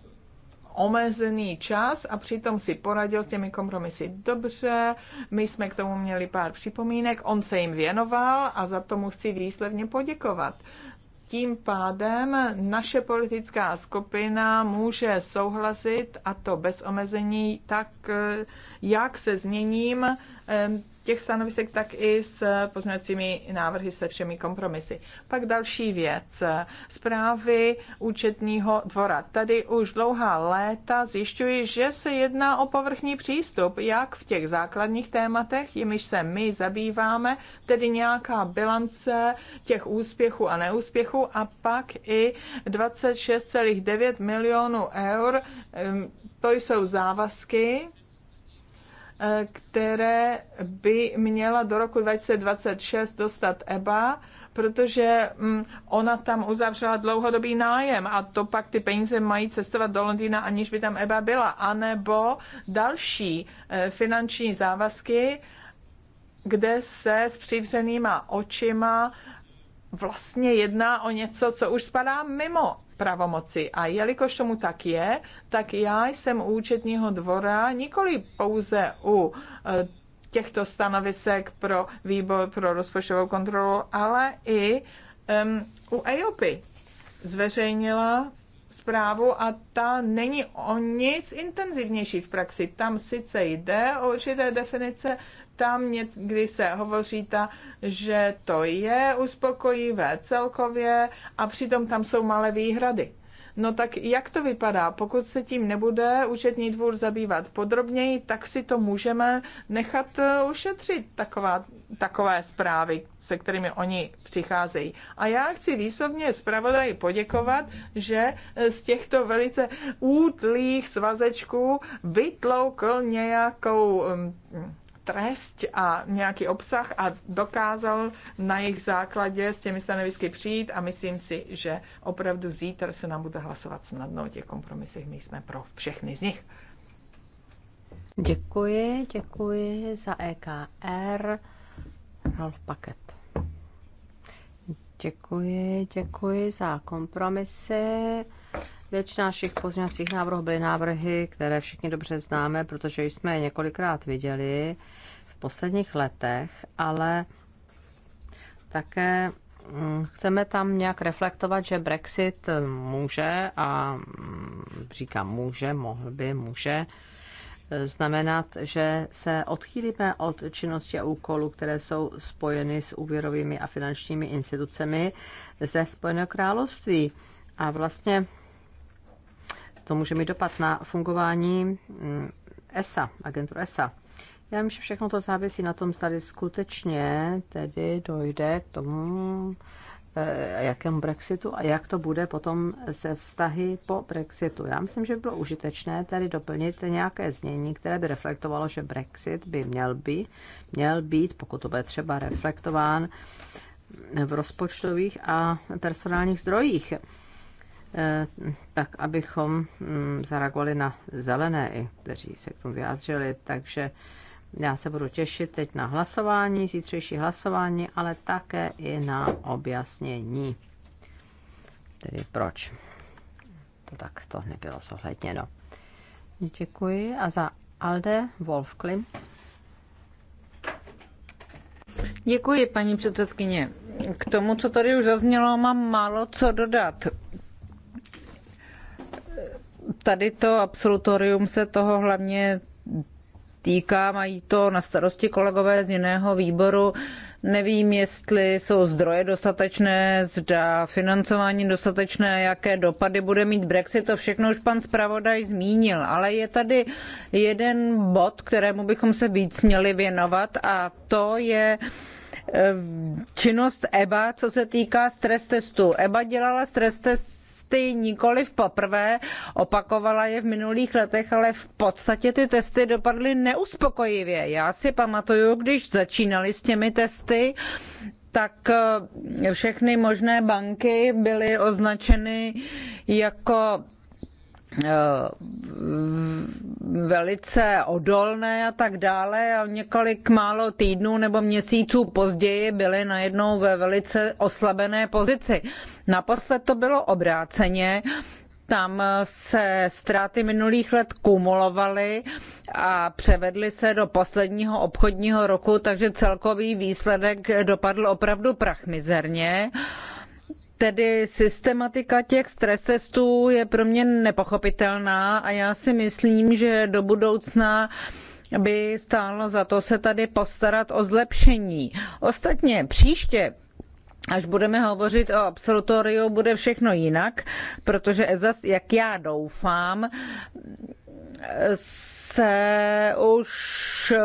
omezený čas a přitom si poradil s těmi kompromisy dobře. My jsme k tomu měli pár připomínek, on se jim věnoval a za to mu chci výsledně poděkovat. Tím pádem naše politická skupina může souhlasit, a to bez omezení, tak eh, jak se změním eh, těch stanovisek, tak i s pozměňovacími návrhy se všemi kompromisy. Pak další věc. Zprávy účetního dvora. Tady už dlouhá léta zjišťuji, že se jedná o povrchní přístup, jak v těch základních tématech, jimiž se my zabýváme, tedy nějaká bilance těch úspěchů a neúspěchů a pak i 26,9 milionů eur, to jsou závazky, Eh, které by měla do roku 2026 dostat EBA, protože mm, ona tam uzavřela dlouhodobý nájem a to pak ty peníze mají cestovat do Londýna, aniž by tam EBA byla, anebo další eh, finanční závazky, kde se s přivřenýma očima vlastně jedná o něco, co už spadá mimo pravomoci. A jelikož tomu tak je, tak já jsem u účetního dvora nikoli pouze u eh, těchto stanovisek pro výbor pro rozpočtovou kontrolu, ale i um, u EOPy zveřejnila zprávu a ta není o nic intenzivnější v praxi. Tam sice jde o určité definice, tam někdy se hovoří ta, že to je uspokojivé celkově a přitom tam jsou malé výhrady. No tak jak to vypadá? Pokud se tím nebude účetní dvůr zabývat podrobněji, tak si to můžeme nechat eh, ušetřit taková, takové zprávy, se kterými oni přicházejí. A já chci výslovně zpravodaji poděkovat, že eh, z těchto velice útlých svazečků vytloukl nějakou trest a nějaký obsah a dokázal na jejich základě s těmi stanovisky přijít a myslím si, že opravdu zítra se nám bude hlasovat snadno o těch kompromisech. My jsme pro všechny z nich. Děkuji, děkuji za EKR. Ralf Paket. Děkuji, děkuji za kompromisy Většina našich pozměňovacích návrhů byly návrhy, které všichni dobře známe, protože jsme je několikrát viděli v posledních letech, ale také mm, chceme tam nějak reflektovat, že Brexit může a mm, říkám může, mohl by, může e, znamenat, že se odchýlíme od činnosti a úkolů, které jsou spojeny s úvěrovými a finančními institucemi ze Spojeného království. A vlastně to může mít dopad na fungování mm, ESA, agenturu ESA. Já myslím, že všechno to závisí na tom, zda skutečně tedy dojde k tomu, eh, jakému Brexitu a jak to bude potom se vztahy po Brexitu. Já myslím, že by bylo užitečné tady doplnit nějaké znění, které by reflektovalo, že Brexit by měl, by, měl být, pokud to bude třeba reflektován, v rozpočtových a personálních zdrojích. Eh, tak abychom mm, zareagovali na zelené, i kteří se k tomu vyjádřili. Takže já se budu těšit teď na hlasování, zítřejší hlasování, ale také i na objasnění. Tedy proč to tak to nebylo zohledněno. Děkuji a za Alde Wolf Klimt. Děkuji, paní předsedkyně. K tomu, co tady už zaznělo, mám málo co dodat tady to absolutorium se toho hlavně týká, mají to na starosti kolegové z jiného výboru. Nevím, jestli jsou zdroje dostatečné, zda financování dostatečné, jaké dopady bude mít Brexit, to všechno už pan zpravodaj zmínil. Ale je tady jeden bod, kterému bychom se víc měli věnovat a to je eh, činnost EBA, co se týká stres testu. EBA dělala stres test testy nikoli v poprvé, opakovala je v minulých letech, ale v podstatě ty testy dopadly neuspokojivě. Já si pamatuju, když začínali s těmi testy, tak eh, všechny možné banky byly označeny jako eh, velice odolné a tak dále a několik málo týdnů nebo měsíců později byly najednou ve velice oslabené pozici. Naposled to bylo obráceně, tam se ztráty minulých let kumulovaly a převedly se do posledního obchodního roku, takže celkový výsledek dopadl opravdu prachmizerně. Tedy systematika těch stres testů je pro mě nepochopitelná a já si myslím, že do budoucna by stálo za to se tady postarat o zlepšení. Ostatně příště až budeme hovořit o absolutoriu, bude všechno jinak, protože EZAS, jak já doufám, se už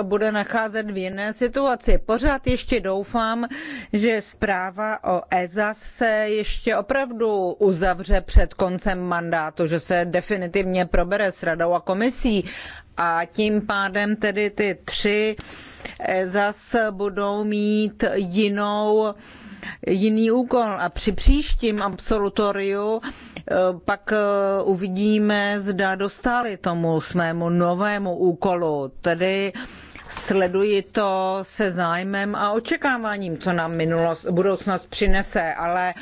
bude nacházet v jiné situaci. Pořád ještě doufám, že zpráva o EZA se ještě opravdu uzavře před koncem mandátu, že se definitivně probere s radou a komisí a tím pádem tedy ty tři EZA budou mít jinou jiný úkol a při příštím absolutoriu eh, pak eh, uvidíme, zda dostali tomu svému novému úkolu, tedy sleduji to se zájmem a očekáváním, co nám minulost, budoucnost přinese, ale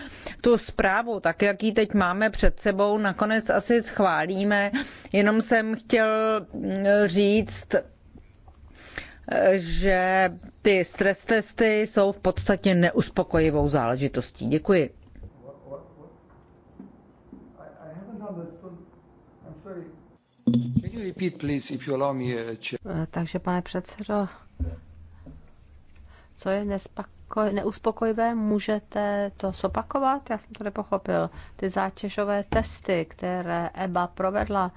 tu zprávu, tak jak ji teď máme před sebou, nakonec asi schválíme. Jenom jsem chtěl mm, říct, že ty stres testy jsou v podstatě neuspokojivou záležitostí. Děkuji. Takže pane předsedo, co je nespako- neuspokojivé, můžete to zopakovat? Já jsem to nepochopil. Ty zátěžové testy, které EBA provedla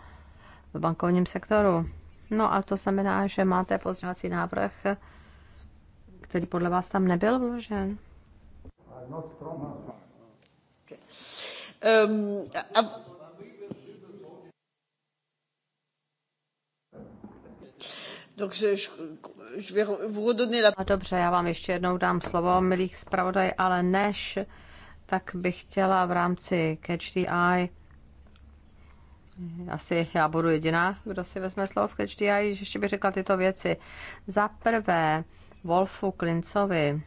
v bankovním sektoru. No a to znamená, že máte pozdravací návrh, který podle vás tam nebyl vložen. a... Dobře, já vám ještě jednou dám slovo, milých zpravodaj, ale než, tak bych chtěla v rámci Catch the Eye asi já budu jediná, kdo si vezme slovo v KHDI, ještě bych řekla tyto věci. Za prvé, Wolfu Klincovi,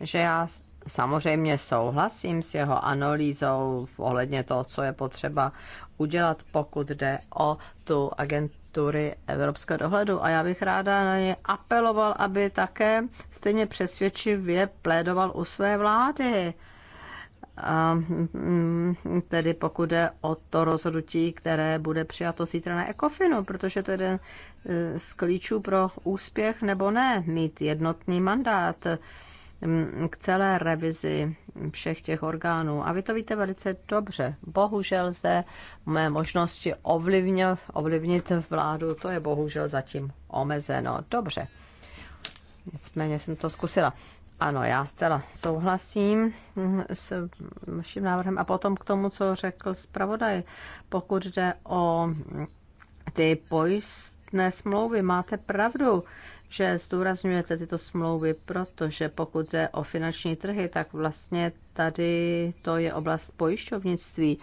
že já samozřejmě souhlasím s jeho analýzou ohledně toho, co je potřeba udělat, pokud jde o tu agentury Evropského dohledu. A já bych ráda na ně apeloval, aby také stejně přesvědčivě plédoval u své vlády a mm, tedy pokud jde o to rozhodnutí, které bude přijato zítra na ECOFINu, protože to je jeden eh, z klíčů pro úspěch nebo ne, mít jednotný mandát mm, k celé revizi všech těch orgánů. A vy to víte velice dobře. Bohužel zde mé možnosti ovlivnit vládu, to je bohužel zatím omezeno. Dobře. Nicméně jsem to zkusila. Ano, já zcela souhlasím s vaším návrhem. A potom k tomu, co řekl zpravodaj, pokud jde o ty pojistné smlouvy, máte pravdu, že zdůrazňujete tyto smlouvy, protože pokud jde o finanční trhy, tak vlastně tady to je oblast pojišťovnictví.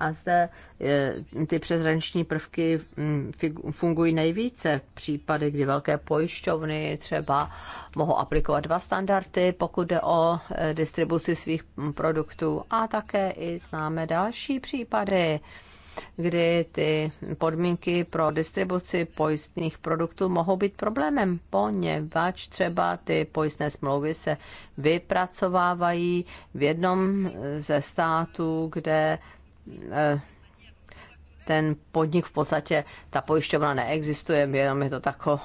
A zde eh, ty přezranční prvky hm, fungují nejvíce v případy, kdy velké pojišťovny třeba mohou aplikovat dva standardy, pokud jde o eh, distribuci svých hm, produktů. A také i známe další případy, kdy ty podmínky pro distribuci pojistných produktů mohou být problémem, poněvadž třeba ty pojistné smlouvy se vypracovávají v jednom eh, ze států, kde Eh, ten podnik v podstatě, ta pojišťovna neexistuje, jenom je to tako,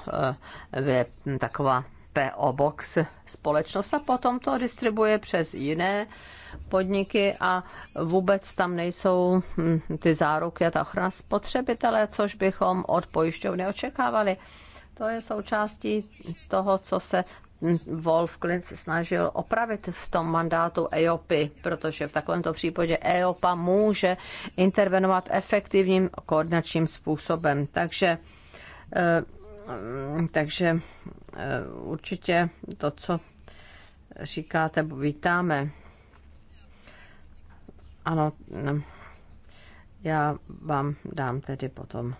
eh, taková PO Box společnost a potom to distribuje přes jiné podniky a vůbec tam nejsou hm, ty záruky a ta ochrana spotřebitele, což bychom od pojišťovny očekávali. To je součástí toho, co se Wolf se snažil opravit v tom mandátu EOPy, protože v takovémto případě EOPA může intervenovat efektivním koordinačním způsobem. Takže eh, takže eh, určitě to, co říkáte, vítáme. Ano, já vám dám tedy potom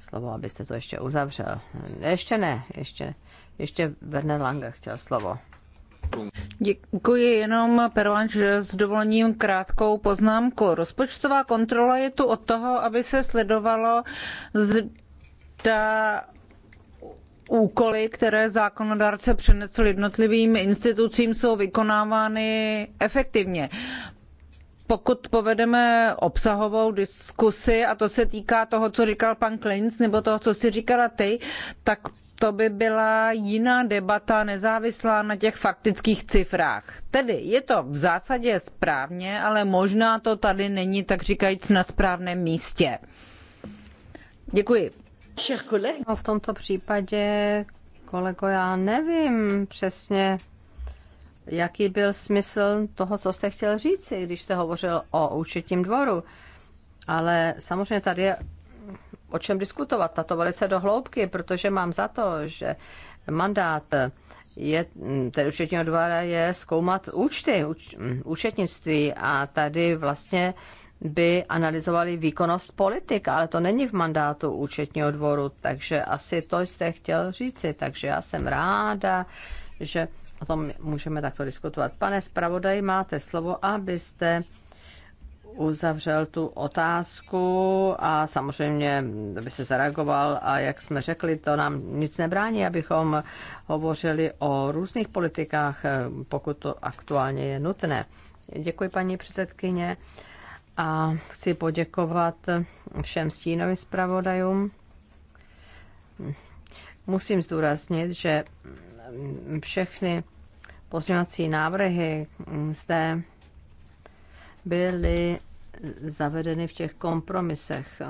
slovo, abyste to ještě uzavřel. Ještě ne, ještě, ještě Werner Langer chtěl slovo. Děkuji jenom, Peruanč, s dovolením krátkou poznámku. Rozpočtová kontrola je tu od toho, aby se sledovalo, zda úkoly, které zákonodárce přenesl jednotlivým institucím, jsou vykonávány efektivně pokud povedeme obsahovou diskusi, a to se týká toho, co říkal pan Klinc, nebo toho, co si říkala ty, tak to by byla jiná debata nezávislá na těch faktických cifrách. Tedy je to v zásadě správně, ale možná to tady není, tak říkajíc, na správném místě. Děkuji. No, v tomto případě, kolego, já nevím přesně, jaký byl smysl toho, co jste chtěl říct, když jste hovořil o účetním dvoru. Ale samozřejmě tady je o čem diskutovat, tato velice dohloubky, protože mám za to, že mandát je, tedy účetního dvora je zkoumat účty, úč, účetnictví a tady vlastně by analyzovali výkonnost politik, ale to není v mandátu účetního dvoru, takže asi to jste chtěl říci, takže já jsem ráda, že o tom můžeme takto diskutovat. Pane zpravodaj, máte slovo, abyste uzavřel tu otázku a samozřejmě by se zareagoval a jak jsme řekli, to nám nic nebrání, abychom hovořili o různých politikách, pokud to aktuálně je nutné. Děkuji paní předsedkyně a chci poděkovat všem stínovým zpravodajům. Musím zdůraznit, že všechny pozměňovací návrhy zde byly zavedeny v těch kompromisech.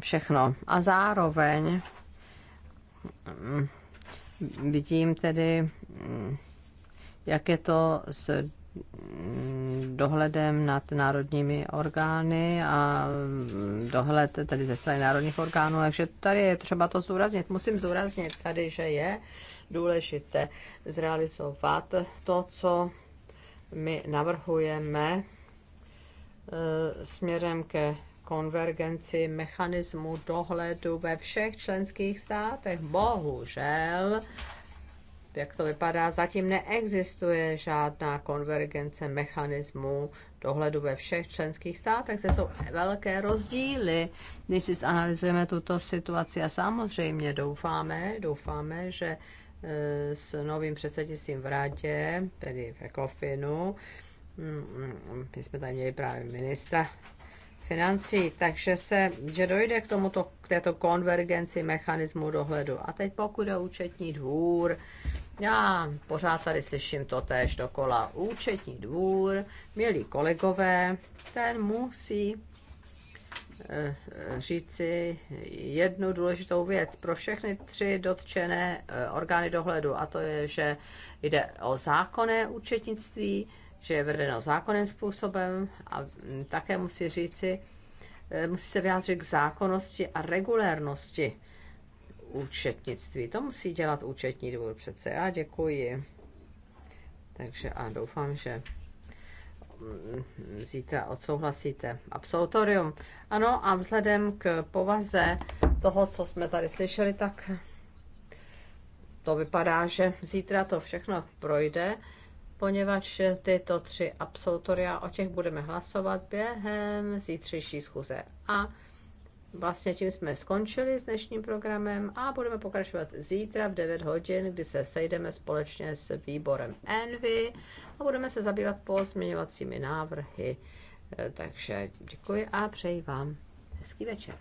Všechno. A zároveň mm, vidím tedy, mm, jak je to s dohledem nad národními orgány a dohled tedy ze strany národních orgánů. Takže tady je třeba to zúraznit. Musím zúraznit tady, že je důležité zrealizovat to, co my navrhujeme eh, směrem ke konvergenci mechanismu dohledu ve všech členských státech. Bohužel jak to vypadá, zatím neexistuje žádná konvergence mechanismů dohledu ve všech členských státech. Se jsou velké rozdíly, když si zanalizujeme tuto situaci a samozřejmě doufáme, doufáme, že e, s novým předsednictvím v Radě, tedy v Ekofinu, mm, mm, mm, my jsme tady měli právě ministra financí, takže se, že dojde k, tomuto, k této konvergenci mechanismu dohledu. A teď pokud je účetní dvůr, já pořád tady slyším to též dokola. Účetní dvůr, milí kolegové, ten musí eh, eh, říci jednu důležitou věc pro všechny tři dotčené eh, orgány dohledu, a to je, že jde o zákonné účetnictví, že je vedeno zákonným způsobem a mm, také musí říci, e, musí se vyjádřit k zákonnosti a regulérnosti účetnictví. To musí dělat účetní dvůr přece. Já děkuji. Takže a doufám, že mm, zítra odsouhlasíte absolutorium. Ano, a vzhledem k povaze toho, co jsme tady slyšeli, tak to vypadá, že zítra to všechno projde poněvadž tyto tři absolutoria, o těch budeme hlasovat během zítřejší schůze. A vlastně tím jsme skončili s dnešním programem a budeme pokračovat zítra v 9 hodin, kdy se sejdeme společně s výborem Envy a budeme se zabývat pozměňovacími návrhy. Eh, takže děkuji a přeji vám hezký večer.